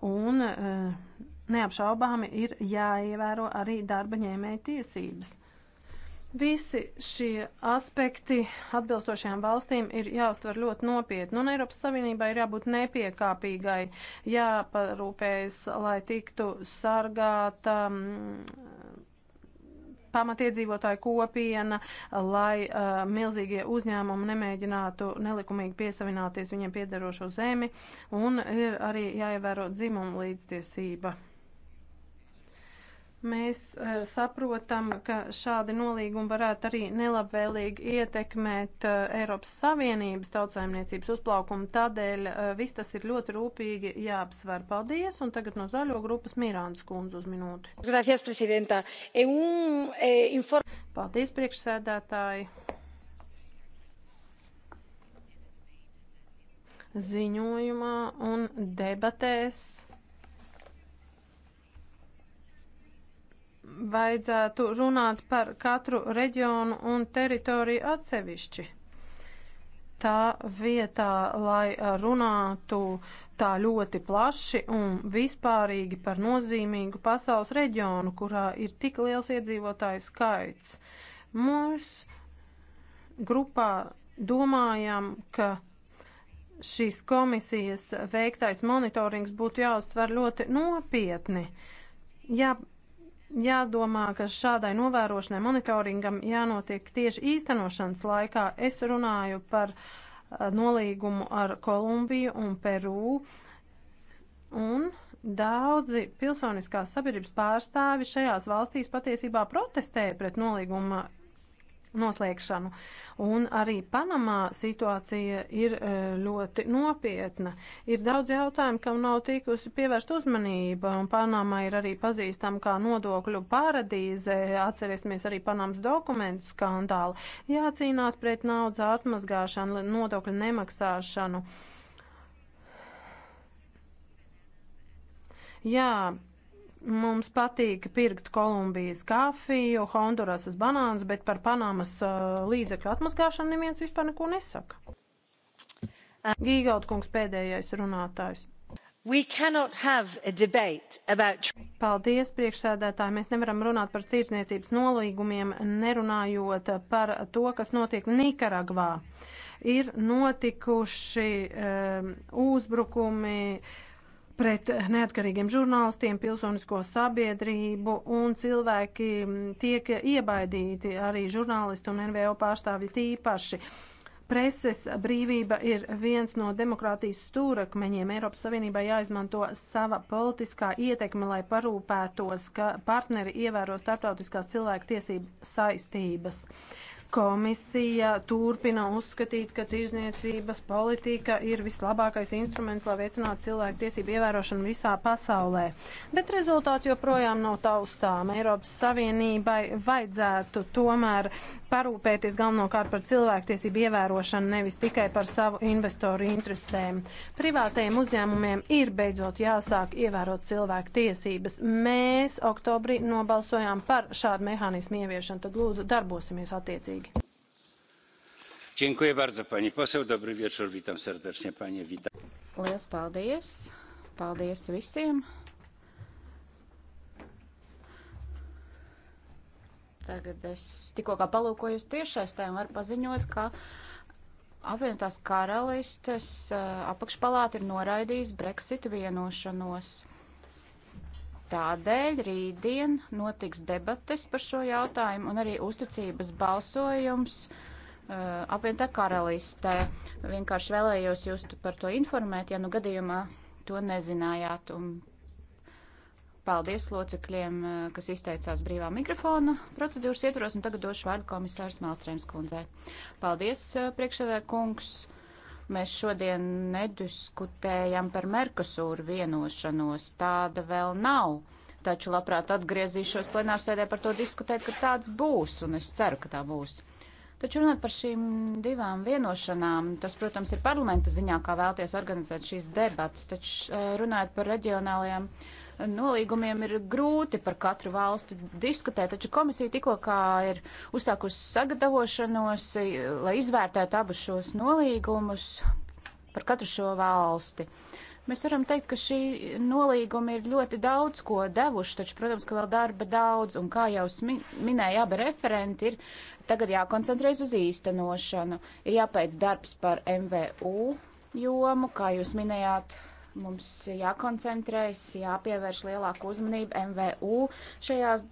un eh, neapšaubāmi ir jāievēro arī darba ņēmēja tiesības. Visi šie aspekti atbilstošajām valstīm ir jāuztver ļoti nopietni, un Eiropas Savienībai ir jābūt nepiekāpīgai, jāparūpējas, lai tiktu sargāta mm, pamatiedzīvotāju kopiena, lai uh, milzīgie uzņēmumi nemēģinātu nelikumīgi piesavināties viņiem piederošo zemi, un ir arī jāievēro dzimuma līdztiesība. Mēs uh, saprotam, ka šādi nolīgumi varētu arī nelabvēlīgi ietekmēt uh, Eiropas Savienības tautsaimniecības uzplaukumu. Tādēļ uh, viss tas ir ļoti rūpīgi jāapsver. Paldies! Un tagad no zaļo grupas Mirāns kundze uz minūti. Gracias, prezidenta. E un, e, inform... Paldies, priekšsēdētāji! Ziņojumā un debatēs vajadzētu runāt par katru reģionu un teritoriju atsevišķi. Tā vietā, lai runātu tā ļoti plaši un vispārīgi par nozīmīgu pasaules reģionu, kurā ir tik liels iedzīvotāju skaits, mums grupā domājam, ka šīs komisijas veiktais monitorings būtu jāuztver ļoti nopietni. Jā, ja Jādomā, ka šādai novērošanai monitoringam jānotiek tieši īstenošanas laikā. Es runāju par uh, nolīgumu ar Kolumbiju un Peru. Un daudzi pilsoniskās sabiedrības pārstāvi šajās valstīs patiesībā protestē pret nolīguma noslēgšanu. Un arī Panamā situācija ir e, ļoti nopietna. Ir daudz jautājumu, kam nav tikusi pievērst uzmanība, un Panama ir arī pazīstama kā nodokļu paradīze. Atcerēsimies arī Panamas dokumentu skandālu. Jācīnās pret naudas atmazgāšanu, nodokļu nemaksāšanu. Jā, Mums patīk pirkt Kolumbijas kafiju, Hondurasas banānus, bet par Panamas uh, līdzekļu atmaskāšanu neviens vispār neko nesaka. Uh, Gīgaut kungs pēdējais runātājs. About... Paldies, priekšsēdētāji. Mēs nevaram runāt par cīrdzniecības nolīgumiem, nerunājot par to, kas notiek Nikaragvā. Ir notikuši um, uzbrukumi uh, pret neatkarīgiem žurnālistiem, pilsonisko sabiedrību un cilvēki tiek iebaidīti arī žurnālisti un NVO pārstāvji tīpaši. Preses brīvība ir viens no demokrātijas stūrakmeņiem. Eiropas Savienībā jāizmanto sava politiskā ietekme, lai parūpētos, ka partneri ievēro starptautiskās cilvēku tiesību saistības. Uh, Komisija turpina uzskatīt, ka tirzniecības politika ir vislabākais instruments, lai veicinātu cilvēku tiesību ievērošanu visā pasaulē. Bet rezultāti joprojām nav taustām. Eiropas Savienībai vajadzētu tomēr parūpēties galvenokārt par cilvēktiesību ievērošanu, nevis tikai par savu investoru interesēm. Privātajiem uzņēmumiem ir beidzot jāsāk ievērot cilvēktiesības. Mēs oktobrī nobalsojām par šādu mehānismu ieviešanu, tad lūdzu darbosimies attiecīgi. Dziękuję bardzo pani poseł. Dobry wieczór. Witam serdecznie panie. Witam. Liels paldies. Paldies visiem. Tagad es tikko kā palūkojos tiešsaistē un varu paziņot, ka apvienotās karalistes eh, apakšpalāta ir noraidījis Brexit vienošanos. Tādēļ rītdien notiks debates par šo jautājumu un arī uzticības balsojums eh, apvienotā karalistē. Vienkārši vēlējos jūs par to informēt, ja nu gadījumā to nezinājāt. Un Paldies locekļiem, eh, kas izteicās brīvā mikrofona procedūras ietvaros, un tagad došu vārdu komisārs Mālstrēms kundzei. Paldies, eh, priekšsēdē kungs. Mēs šodien nediskutējam par Merkosūru vienošanos. Tāda vēl nav. Taču labprāt atgriezīšos plenārsēdē par to diskutēt, ka tāds būs, un es ceru, ka tā būs. Taču runāt par šīm divām vienošanām, tas, protams, ir parlamenta ziņā, kā vēlties organizēt šīs debatas, taču eh, runāt par reģionālajām. Uh, nolīgumiem ir grūti par katru valsti diskutēt, taču komisija tikko kā ir uzsākusi sagatavošanos, lai izvērtētu abus šos nolīgumus par katru šo valsti. Mēs varam teikt, ka šī nolīguma ir ļoti daudz ko devuši, taču, protams, ka vēl darba daudz, un kā jau minēja abi referenti, ir tagad jākoncentrējas uz īstenošanu, ir jāpēc darbs par MVU jomu, kā jūs minējāt, Mums jākoncentrējas, jāpievērš lielāku uzmanību MVU šajās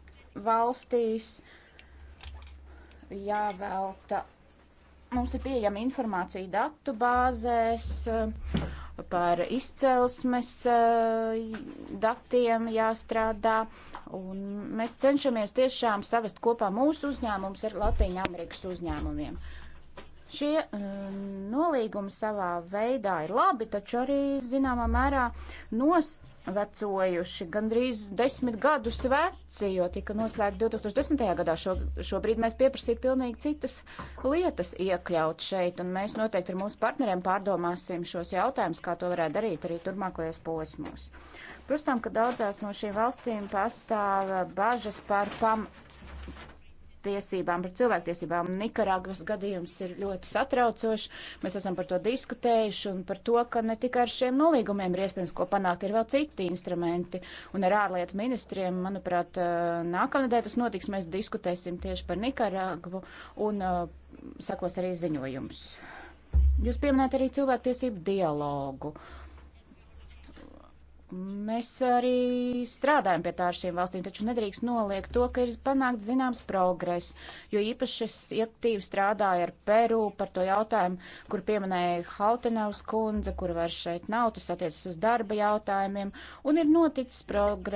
valstīs, jāvelta. Mums ir pieejama informācija datu bāzēs par izcelsmes datiem jāstrādā. Un mēs cenšamies tiešām savest kopā mūsu uzņēmumus ar Latviju Amerikas uzņēmumiem. Šie eh, nolīgumi savā veidā ir labi, taču arī zināmā mērā nosvecojuši, gandrīz desmit gadus veci, jo tika noslēgti 2010. gadā. Šo, šobrīd mēs pieprasītu pilnīgi citas lietas iekļaut šeit, un mēs noteikti ar mūsu partneriem pārdomāsim šos jautājumus, kā to varētu darīt arī turmākajos posmos. Protams, ka daudzās no šīm valstīm pastāv eh, bažas par pamats tiesībām, par cilvēktiesībām. Nikaragvas gadījums ir ļoti satraucošs. Mēs esam par to diskutējuši un par to, ka ne tikai ar šiem nolīgumiem ir iespējams ko panākt, ir vēl citi instrumenti. Un ar ārlietu ministriem, manuprāt, nākamnedēļ tas notiks. Mēs diskutēsim tieši par Nikaragvu un sekos arī ziņojums. Jūs pieminējat arī cilvēktiesību dialogu. Uh, Mēs arī strādājam pie tā ar šīm valstīm, taču nedrīkst noliegt to, ka ir panākt zināms progress, jo īpaši es aktīvi strādāju ar Peru par to jautājumu, kur pieminēja Hautenavs kundze, kur vairs šeit nav, tas attiecas uz darba jautājumiem, un ir noticis progress.